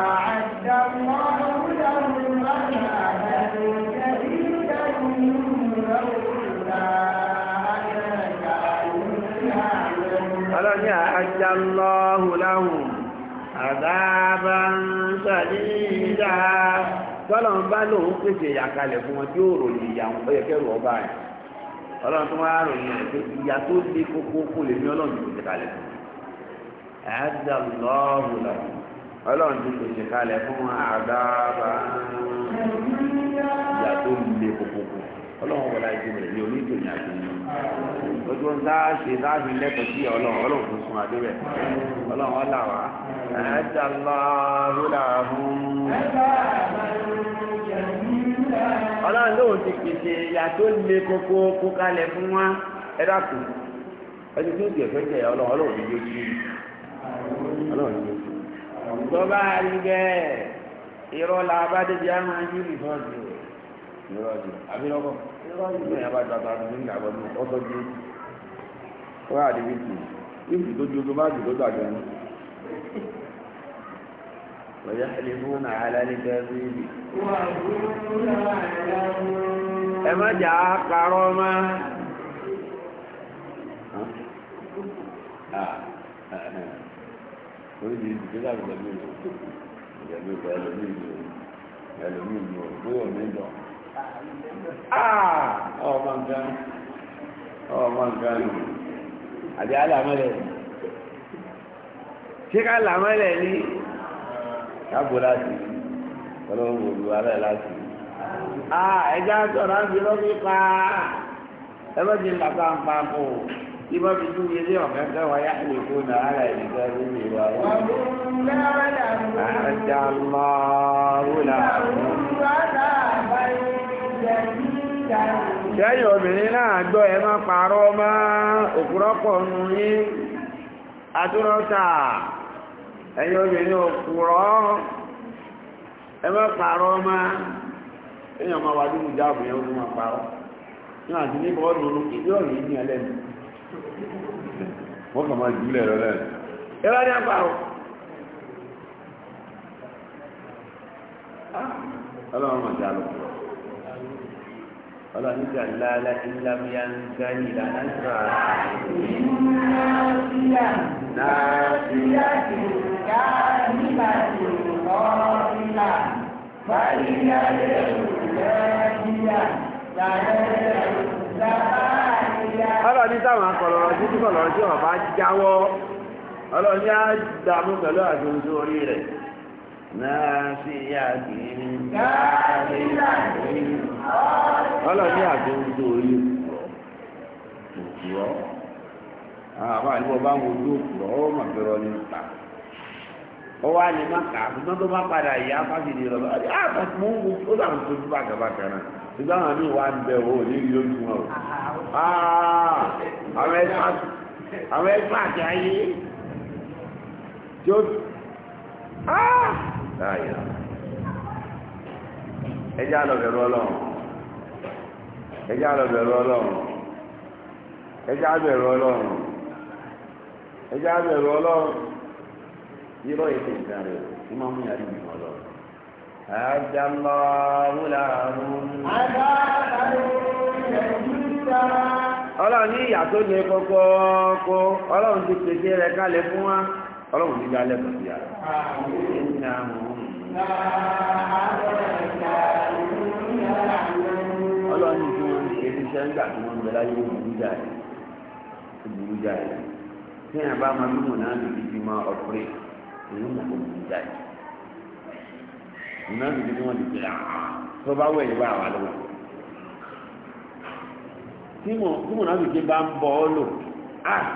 أعد الله لهم مكانة شديدة لولا أعد الله لهم عذابا شديدا tọ́lọ́n bá lòun pèsè ìyàkalẹ̀ fún wọn tí ó rò lè yà ọba yẹn ọlọ́run tó máa ròyìn rẹ̀ pé ìyá tó lé kókó kó lè ní ọlọ́run tó ti kalẹ̀ fún ẹ̀ẹ́dà lọ́ọ̀hù lọ ọlọ́run tó ti kalẹ̀ fún àdáàbà ìyá tó lé kókó kó ọlọ́run wọlé ayé rẹ̀ ní omi ìtòyìn àti ìyá ojú ń dáṣe dáṣe lẹ́kọ̀ọ́ sí ọlọ́run ọlọ́run tó sun adé rẹ̀ ọlọ́run ọlà wá ẹ̀ẹ́dà lọ́ọ̀hù làwọn ọlọ́run ló ti pèsè ìyà tó le koko kó kalẹ̀ fún wa ẹ dàkú ẹni tó ti ẹ̀fẹ́ tẹ̀ ọlọ́run ọlọ́run ní yóò tún ọlọ́run ní yóò tún. tọ́ba rí bẹ́ẹ̀ irọ́ la bá débi á máa yí rìsọ́ọ̀tì rẹ̀ rìsọ́ọ̀tì àbí rìsọ́ọ̀tì náà yàrá bàtà tó ń gbàgbọ́ ní ọ̀tọ́ di wọ́n àdébìtì ìfì tó di ojú bá jù tó gbàgbọ́ ní. ويحلفون على الكذب ẹmọ jà á parọ́ mọ́ ah, ah, ah. oríṣi ìdílé láti ẹlòmíì lò ìyẹ̀lú ìgbà ẹlòmíì lò ẹlòmíì lò bóyá mi lọ. ọmọ nǹkan ọmọ nǹkan nù àbí àlàmọ́lẹ̀ ṣé ká làmọ́lẹ̀ ni kábò láti ọlọ́run wò lu alẹ́ láti. a ẹja sọ̀rọ̀ àti lọ́bí pa ẹ bá ti làkà ń pa kó ibà fi tún yé ní ọ̀fẹ́ fẹ́ wá yá ìwé kó nà ara ẹ̀ nìkan ló lè wá wá. àjà máa wúlà. sẹ́yìn obìnrin náà gbọ́ ẹ má parọ́ mọ́ òkúrọ́pọ̀ nù yín àtúrọ́ta. ẹ̀yin obìnrin òkúrọ̀ ẹ má ọmọ èèyàn máa wà nínú jáàbù yẹn ó máa pààrọ̀ níwọ̀n àti ní bọ́ọ̀lù ọ̀nà ìdí ọ̀rọ̀ yìí ní ẹlẹ́nu wọ́n kàn máa rẹ̀ lẹ́nu ẹ ní ah, ọlọ́run jẹ́ àlọ́kùrọ̀ ọlọ́run nígbà ńláńlá ìlàmìyà ń ga ní ìlànà ìgbà. nàásìyà nàásìyà ti ká nígbà tí ọ̀rọ̀ ńlá báyìí ní ayé ìlẹ́yìíyà làyẹ̀ làbáyìíyà. ọlọ́run ní táwọn akọ̀lọ́rọ̀ tí tí kọ̀lọ́rọ̀ tí wọ́n jáwọ́ ọlọ́run á dààmú pẹ̀lú àjòjò orí rẹ̀. ọlọ́ọ̀ni àti ojú orí òkúrọ́ àwọn àti bá ń wojú òkúrọ́ ó mà fẹ́rọ ní ta ó wá ní má kà tó bá padà yá fásitì rẹ̀ lọ́wọ́ ó tó tó ń o ah, àwọn ẹgbẹ́ àti ayé láàyè ẹjẹ́ àlọ́bẹ̀rù ọlọ́run ẹjẹ́ àlọ́bẹ̀rù ọlọ́run ẹjẹ́ àbẹ̀rù ọlọ́run ẹjẹ́ àbẹ̀rù ọlọ́run irọ́ ìfẹ́ ìgbà rẹ̀ ní máa mú yàrá ìgbìmọ̀ ọlọ́run ní tó kọ́kọ́ kó ọlọ́run ti pèsè rẹ̀ ọlọ́run nígbà lẹ́kọ̀ọ́ sí ahụ nínú àwọn ọlọ́run ní kí wọ́n ṣe tí wọ́n ń láyé òbúrú jáde òbúrú jáde tí yẹn bá máa lùmọ̀ náà lè fi máa mọ̀ òbúrú jáde lè fi wọ́n ah, tó bá wẹ̀ yìí bá wà lọ́wọ́ tí náà bá ń lò á. Ah,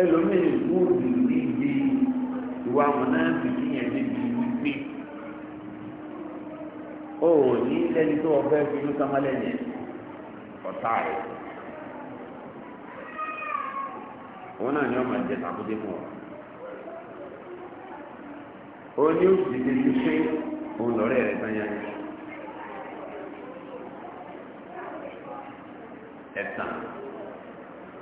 ẹlòmíì gbòòdì níbi ìwà mọ̀nàbí kíyàn níbi wípé ó ní lẹ́ni tó ọ̀fẹ́ fi inú sámálẹ̀ yẹn ọ̀tá rẹ̀ òun náà ni ọmọ ìjẹ tàbúté fún ọ ó ní òsì ti ti pé òun lọ́rẹ́ rẹ̀ tán yáyá ẹ̀sán.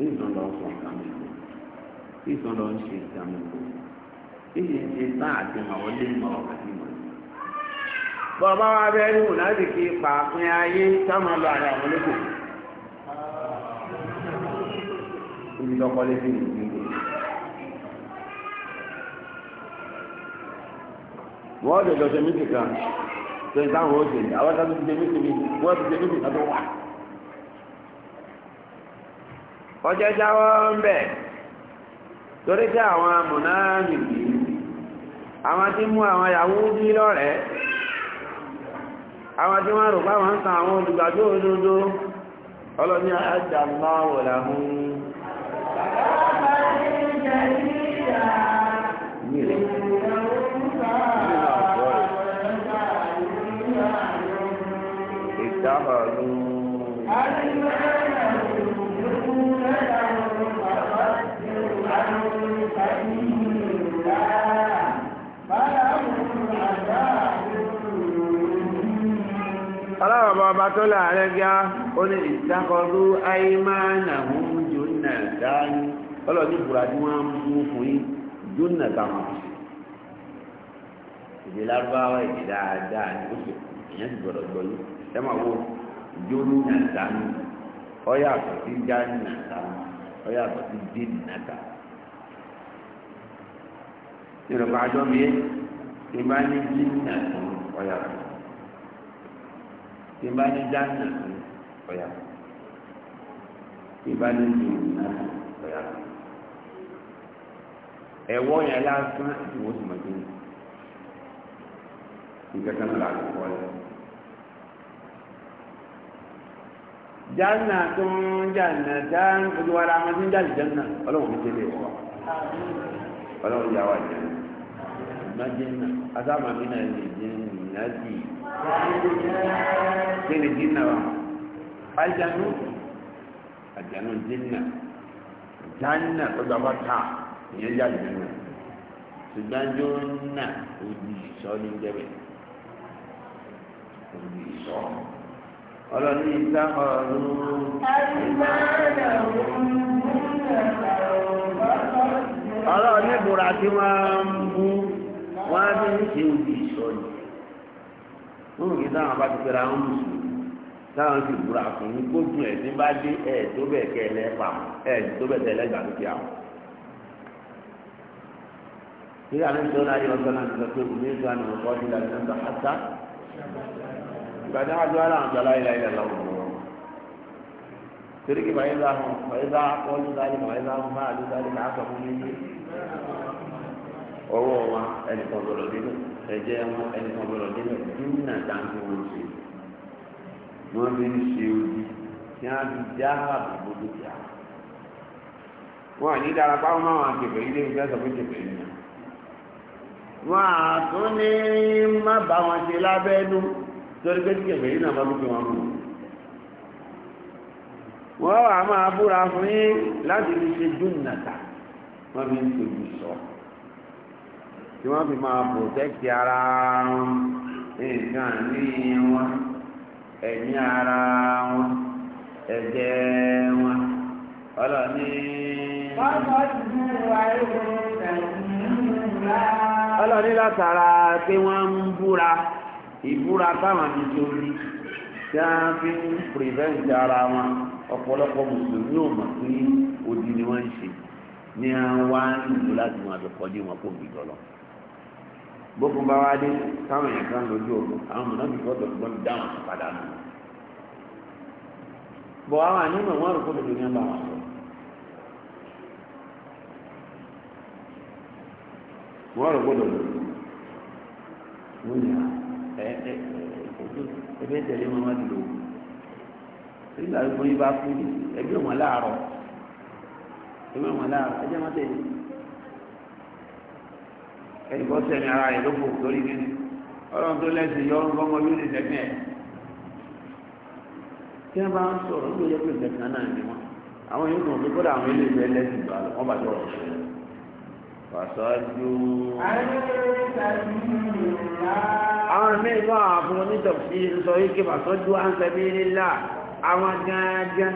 èyí tó lọ sọ nǹkan mi kò èyí tó lọ ń ṣe nǹkan mi kò èyí ń ṣe tá àti màwọ́ lé mọ́ àti mọ́. bọ́ọ̀bá wa bẹ́ẹ̀ ní wùnádìí kí pàápín ayé táwọn lọ àrẹ àwọn olóko. ibi tó kọ́lé sí ìlú nígbè. wọ́n dẹ̀ lọ ṣe mítì kan tó táwọn ó ṣe àwọn táwọn ti ṣe mítì mi wọ́n ti ṣe mítì kan tó wà. ọjọ́ jáwọ́ ń bẹ̀ torí tí àwọn amùnáàmìkì àwọn tí mú àwọn Yàhúdí lọ́rẹ̀ àwọn tí wọ́n rò wọ́n ń san àwọn olùgbàjò òdodo ọlọ́ni àjàmáwò làhún Thank you. ọba tó láàrẹ gá ó ní ìdákọrú àìmáànà hún jùnà dání ọlọ́ọ̀dún ìbúra tí wọ́n ń mú fún yín jùnà táwọn èdè lárúbáwá èdè dáadáa ní oṣù ìyẹn ti gbọdọ̀ gbọ́ yín ẹ máa wo jùnà dání ọyà àtọ̀tí dání nàta ọyà àtọ̀tí dínì nàta ìrọ̀pá àjọ mi ìbá ní jùnà tó ọyà àtọ̀tí tí bá ní jáde ọ̀yà tí bá ní jùlọ náà ọ̀yà ẹ̀wọ́ yẹn lásán tí wọ́n sì máa jẹ́ nǹkan kan náà láti kọ́ ẹ̀. jáde tó ń jáde jáde ojú wa la máa ti ń jáde jáde ọlọ́wọ́n mi tẹ́lẹ̀ wọ́n ọlọ́wọ́n yà wá jáde máa náà asámàmí náà lè jẹ́ nìyá kí ni jìnnà wa àjànú àjànú jìnnà jánà tó gbà bá ta ìyẹn jáde nínú ṣùgbọ́n jọ́nà òdì ìsọ ní jẹ́bẹ̀ òdì ìsọ ọlọ́ni ìta ọ̀rọ̀ ọ̀rọ̀ níbura tí wọ́n ń bú wọ́n á fi ń ṣe òdì ìsọ ni wọ́n kì í sáwọn bá ti pera wọn mùsùlùmí táwọn sì búra fún un gbójú ẹ̀ tí bá dé ẹ̀ tó bẹ̀ kẹ́ ẹ lẹ́pà ẹ̀ tó bẹ̀ tẹ́ ẹ lẹ́gbàá lókè àwọn. Ṣé àmì sọ́nà ayé ọ̀sán náà ti sọ pé òun ní ìtura ni mo kọ́ sí ìlànà ìgbà àtà? Ìgbà tí wọ́n adúlá náà lọ́wọ́. Torí kí bàyẹ̀ bá hàn, bàyẹ̀ bá kọ́ sáré, bàyẹ̀ bá hàn máa ló sáré náà fún mi. Ọwọ́ wa ẹnìkan ló ní í ṣe odi tí wọn fi já àbùkù dúkìá wọn à ní dára pàwọn máa wọn àgbègbè yìí léwu fẹsọ fún ìgbègbè yìí nà wọn à tún ní má bá wọn ṣe lábẹ́nu torí pé ìgbègbè yìí náà bá lókè wọn mú wọn wà máa búra fún yín láti fi ṣe dúnnàtà wọn fi ń tòjú sọ tí wọn fi máa protect ara wọn nǹkan ní wọn ẹ̀mí ara wọn ẹ̀jẹ̀ wọn ọlọ́ni. ọlọ́ni látara pé wọ́n ń búra ìbúra táwọn ti torí tí a fi ń prevent ara wọn ọ̀pọ̀lọpọ̀ mùsùlùmí ò mọ̀ pé odi ni wọ́n ń ṣe ni wọ́n á ń lò láti wọn àbẹ̀kọ́jú wọn kò gbìdọ̀ lọ gbogbo bá wá dé táwọn èèyàn kan lójú òkú àwọn mọ̀nàbí gbọ́dọ̀ gbọ́dọ̀ dáhùn sí padà nù. bọ̀ àwọn ànímọ̀ wọn rò kó lójú ní ọba wọn sọ. wọn rò kó lójú wọn ni ẹ ẹ ẹbí tẹ̀lé wọn wọn ti lò ó nígbà tó yín bá kú ẹbí wọn láàárọ̀ ẹbí wọn láàárọ̀ ẹjẹ wọn tẹ̀lé ẹni kọ́ sẹ́ni ara rẹ̀ ló kò torí nínú ọlọ́run tó lẹ́sìn yọ ọrùn kọ́mọ yóò lè sẹ́kẹ̀ ẹ̀. tí wọ́n bá ń sọ̀rọ̀ ló yẹ kó ìgbẹ̀kan náà ní wọn àwọn yóò mọ̀ pé kódà àwọn ilé ìgbẹ́ lẹ́sìn bá lọ wọ́n bá jọ ọ̀rọ̀ ṣe. fàṣájú. àwọn míì bá àfún onítọ̀sí sọ wípé fàṣájú à ń sẹ́bí nílá àwọn gángan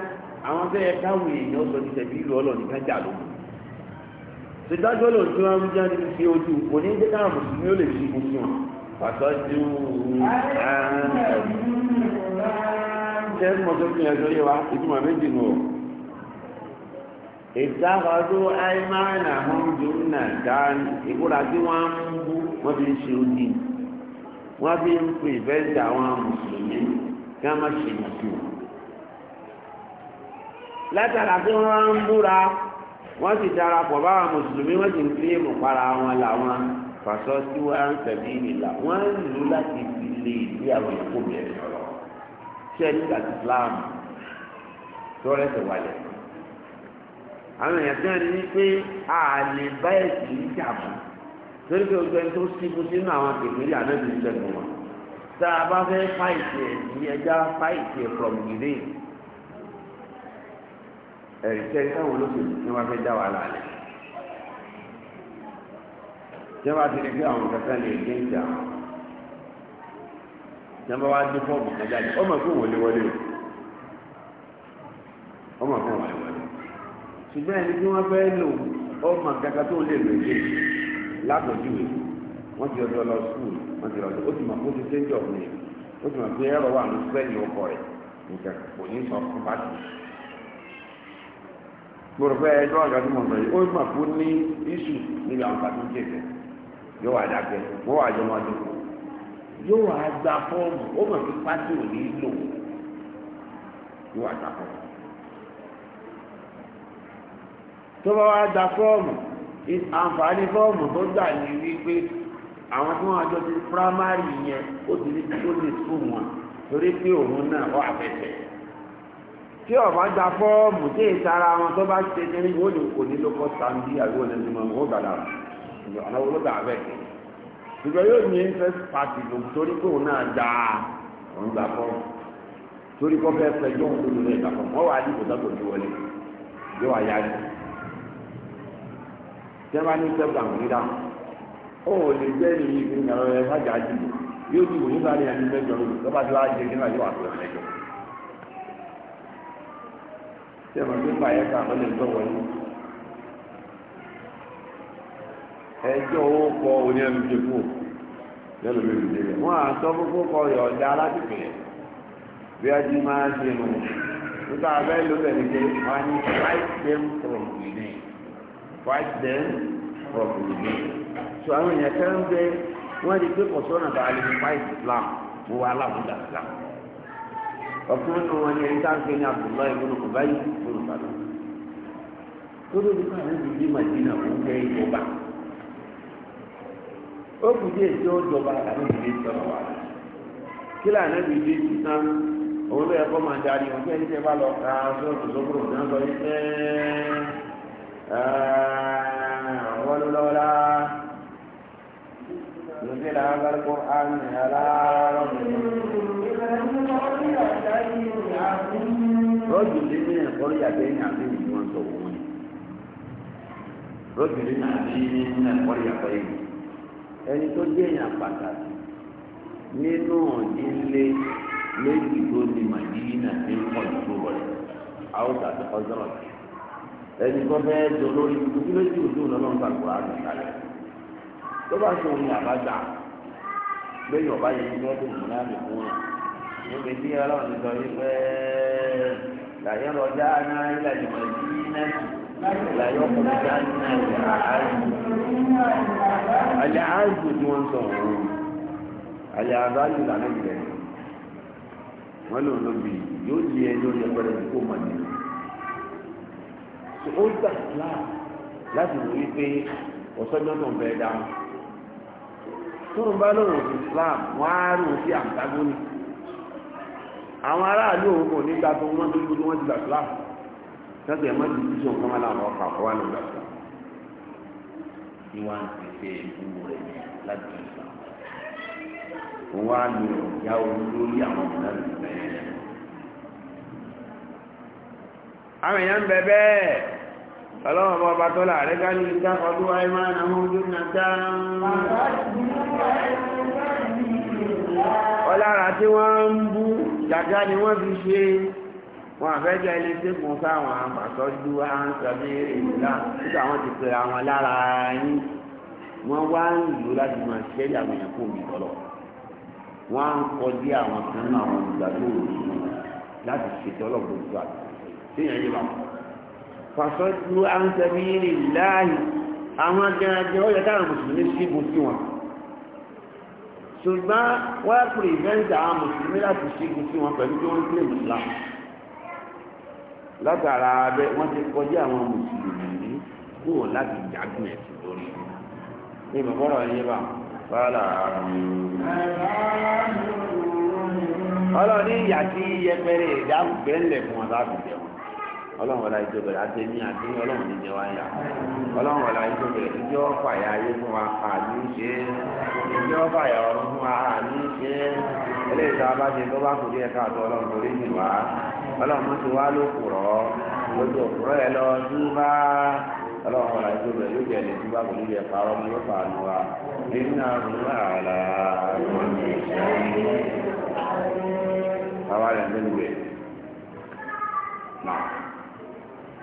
àwọn bẹ́ẹ̀ káwọn èèyàn sọ ìdájọ́ lò tí wọ́n ń jáde fi ojú kò ní jẹ́ káà mùsùlùmí ó lè fi gbogbo hàn pàtọ́jú ṣe ń mọ́tò fi ẹjọ́ yé wa ìtumọ̀ méjì nù ọ́ ìtàkọ́dún àìmáàna ọ̀hún nà dáhùn ìkúra tí wọ́n ń bú wọ́n fi ń ṣe odi wọ́n fi ń pè bẹ́ẹ̀dì àwọn mùsùlùmí kí wọ́n má ṣe mùsùlùmí wọ́n sì darapọ̀ báwa mùsùlùmí wọ́n sì ń fi èèmù para wọn làwọn fàṣọ tí wọ́n á ń tẹ̀lé ìlà wọ́n ń lò láti fi lè bí àwọn ìkó bẹ̀rẹ̀ ọ̀rọ̀ church àti Islam tọ́rẹ́ ti wálẹ̀. àwọn èèyàn kan ní pé a lè bá ẹ̀sìn ní ìjàmbá torí pé ojú ẹni tó síbu sínú àwọn kékeré ànábìrì lẹ́nu wọn tá a bá fẹ́ fáìtì ẹ̀sìn ẹja fáìtì ẹ̀ from ẹ̀rí tẹ́rí táwọn olóṣèlú ní wọ́n fẹ́ dá wà láàlẹ́ jẹ́wọ́ àti ní pé àwọn kẹta lè gé ń jà jẹ́wọ́ wá dé fọ́ọ̀mù kan jáde ọmọ fún wọlé wọlé o ọmọ fún wọlé wọlé ṣùgbọ́n ẹni tí wọ́n fẹ́ lò ọmọ kankan tó lè lò èdè látọ̀júwe wọ́n ti ọjọ́ lọ skul wọ́n ti ọjọ́ ó ti mọ̀ kó ti ṣe ń jọ̀ fún ó ti mọ̀ pé ẹ̀rọ wà ní sẹ́yìn ọkọ rẹ̀ nǹkan kò ní sọ fún bá ti sùn. gbọ́dọ̀fẹ́ ẹjọ́ àgbàdo mọ̀ sọ̀rọ̀ ó mà kú ní iṣu níbi àwọn kàtó jẹ̀fẹ̀ yóò wà dákẹ́ wọ́n wà jọ máa dùn yóò wà gba fọ́ọ̀mù ó mà fi lò yóò wà gba fọ́ọ̀mù. tó bá gba àǹfààní tó gbà ní wípé àwọn tí àjọ ti tí ọba gba fọ́ọ̀mù tí ìtara wọn tó bá ṣe ní ní wọ́n ní kò ní ló kọ́ sáńdí àríwọ̀ ní ẹni mọ̀ gbàdá àwọn olóògbà rẹ̀ ṣùgbọ́n yóò ní interest party lò torí pé òun náà gba òun gba fọ́ọ̀mù torí kọ́ fẹ́ fẹ́ yóò ń lò lè gba fọ́ọ̀mù wọ́n wà á dìbò sọ́kò ní wọlé yóò wá yára tẹ́ bá ní sẹ́gbà ń ríra ó ò lè jẹ́ ní ìgbìyànjú ẹ̀fájà dìbò yóò dìbò nígbà ní ẹni mẹ́jọ lórí tó bá ti wá jẹ nígbà yóò wà pẹ̀lú mẹ́jọ sẹ́mọ̀ tó fà yẹ ká ọlẹ́ tó wọlé ẹjọ́ owó kọ oní ẹnu tó kù lẹ́nu mi lè rẹ̀ wọ́n à sọ fúnfún kọ yọ̀ ọ̀dà aládùúgbò yẹn bí a ti máa ṣe nù nígbà abẹ́ ló bẹ̀rẹ̀ pé wọ́n ní fight them from within fight them from within so àwọn èèyàn kan bẹ wọ́n rí pé kọ̀sọ́nà bá a lè fi fight Islam wọ́n wá aláwọ̀ dà ọ̀kan nù wọn ní ẹni tá à ń pè ní Abdullahi ibùdó kò báyìí ibùdó sàlọ tó lóbi ká àwọn ìdílé Madina òun fẹ́ ìjọba ó kù díẹ̀ tí ó jọba àwọn ìdílé sọ̀rọ̀ wa kí lànà ìdílé ti tán òun ló yẹ kó máa darí wọn kí ẹni tẹ bá lọ ka sọ́ọ̀tù sọ́kúrò náà sọ yìí fẹ́ wọ́n lọ́la lọ́sẹ̀ làwọn akẹ́kọ̀ọ́ àmì àlárọ̀ mi. rọ́jù lé ní ẹ̀kọ́ yàtọ̀ ẹ̀yìn àbí ìlú wọn sọ wọn ni rọ́jù lé ní àbí ní ẹ̀kọ́ yàtọ̀ ẹ̀yìn ẹni tó jẹ́ èèyàn pàtàkì nínú ìdílé méjì tó ní màdínà ní kọ̀ǹtò rẹ̀ àwọn àti ọjọ́ rẹ̀ ẹni tó fẹ́ jọ lórí tuntun méjì tó bá sọ àbájá lẹ́yìn ọ̀bá yẹn ní níbi tí ọlọ́run sọ wípé làyẹ̀ rọjá náà ilẹ̀ ìmọ̀ ìdí náà làyẹ̀ ọkùnrin já náà ilẹ̀ àájú. àlẹ́ àájú tí wọ́n sọ wọ́n àlẹ́ àájú lànà ìbẹ̀rẹ̀ wọ́n lòun ló bì yóò di ẹ lórí ẹgbẹ́rẹ́ tí kò mọ̀ ní. ó gbà láti wò wípé ọ̀sọ́jọ́ náà bẹ́ẹ̀ dáhùn. tó ń bá lóun Islam wọ́n á rò sí àǹtágónì àwọn aráàlú òun kò ní gbà tó wọ́n tó gbogbo wọn ti gbà sílá tọ́tù ẹ̀ mọ́tò ti sọ nǹkan máa láwọn ọkọ̀ àkọ́wá ló gbà sílá ìwà ń pèsè ìbú rẹ̀ láti ìgbà òun wá lu ìyá òun lórí àwọn ọ̀nà rẹ̀ àwọn èèyàn ń bẹ bẹ́ẹ̀ ọlọ́wọ́ bá tọ́lá rẹ̀ ká ní ìta ọdún wáyé máa ojú náà dáa ọlára tí wọ́n ń bú dàdá ni wọ́n fi ṣe wọn àfẹ́jọ́ ilé tí kùn sáwọn àfàsọ́jú àǹsọ̀bí ìlà títà wọn ti pèrè àwọn lára yín wọ́n wá ń lò láti máa ṣe é àwọn èèyàn kó mi tọ́lọ̀ wọ́n á ń kọjú àwọn kan náà àwọn olùgbàlóòrò láti ṣètò ọlọ́gbọ̀n tó àgbà tí èèyàn yé bá wọn fàṣọ́jú àǹsọ̀bí ìlà àwọn gẹ́gẹ́ ọ̀yọ́ táwọn mùsùlùmí sí ibùsùn wọn ṣùgbọ́n wọ́n pèrè ìfẹ́ǹtì àwọn mùsùlùmí láti ṣígun sí wọn pẹ̀lú bí wọ́n ń pè mùsùlùmí látara abẹ wọ́n ti kọjá àwọn mùsùlùmí kúrò láti jagun ẹ̀sìn lórí ní ìbọ̀bọ̀rọ̀ yìí bá fàlà ọlọ́ọ̀ni ìyà tí yẹpẹrẹ ìdáhùn bẹ́ńlẹ̀ fún wọn láti jẹun ọlọ́run wọlé ayé tó bẹ̀rẹ̀ àtẹ̀mí àti ọlọ́run ní jẹ́ wáyà ọlọ́run wọlé ayé bẹ̀rẹ̀ ìjọ fàyà ayé fún wa àní ṣe ìjọ fàyà ọ̀run fún wa àní ṣe eléyìí tá a bá ṣe tó bá kú díẹ̀ káàtó ọlọ́run torí jì wá ọlọ́run mú ti wá ló kùrọ̀ gbogbo òkúrọ̀ ẹ lọ dúbà ọlọ́run wọlé ayé bẹ̀rẹ̀ yóò jẹ́ lè dúbà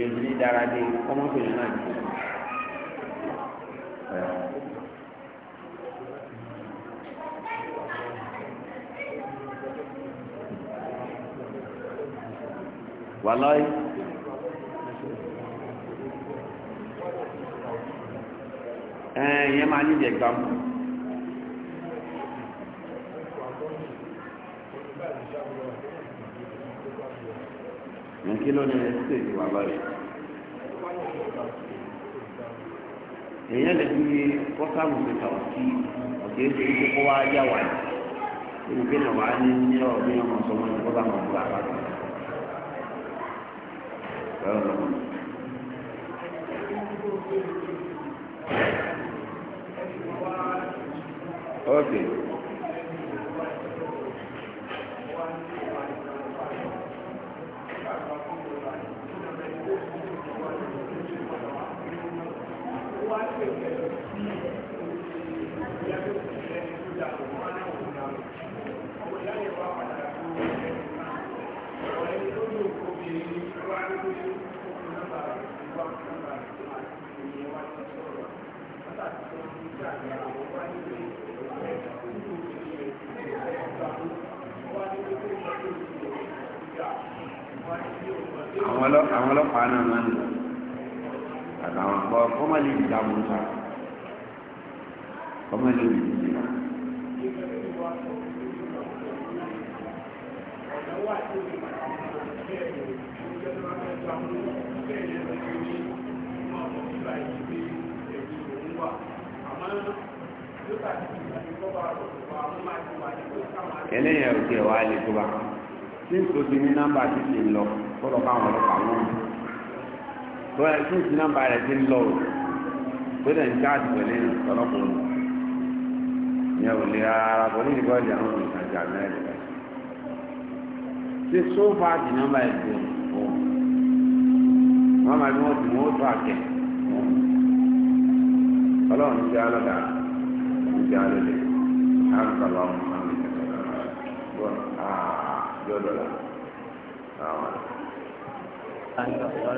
èrò ní dára dé kọ́mọ́pìnrin náà jù. wàláyé ẹ̀ẹ́n yẹn máa níjẹ̀ gbàmù. kí ló ní ẹsẹ̀ ìlú bàbá rẹ̀ èèyàn lè fi kọ́sàmù fi kà sí ọ̀sẹ̀ èsì ìlú kó wá yá wà ní ìlú náà wà ní ní ọ̀rọ̀ ọmọ sọmọ ní kà Okay. lè dá mú sá ọmọ lè rí ìdí náà. eléyìí ò lè tó bá tí n kò sí ní nọ́mbà tí ti ń lọ kó lọ ọlọ́pàá wọn tó ẹ tí n sí nọ́mbà rẹ̀ ti ń lọ o gbọ́dọ̀ ń jáde pẹ̀lú ìrọ̀lọ́pọ̀ ọ̀nà ìyẹn ò lè ara pẹ̀lú ìgbọ́dọ̀ àwọn olùtajà mẹ́rin ṣe sófà di nọ́mbà ẹgbẹ́ ọ wọn máa bí wọn ti wọn tó àkẹ Ọlọ́run ti alọdà ti alọdẹ alùpàlọ àwọn ọmọ mi bọ àà yọdọ la àwọn.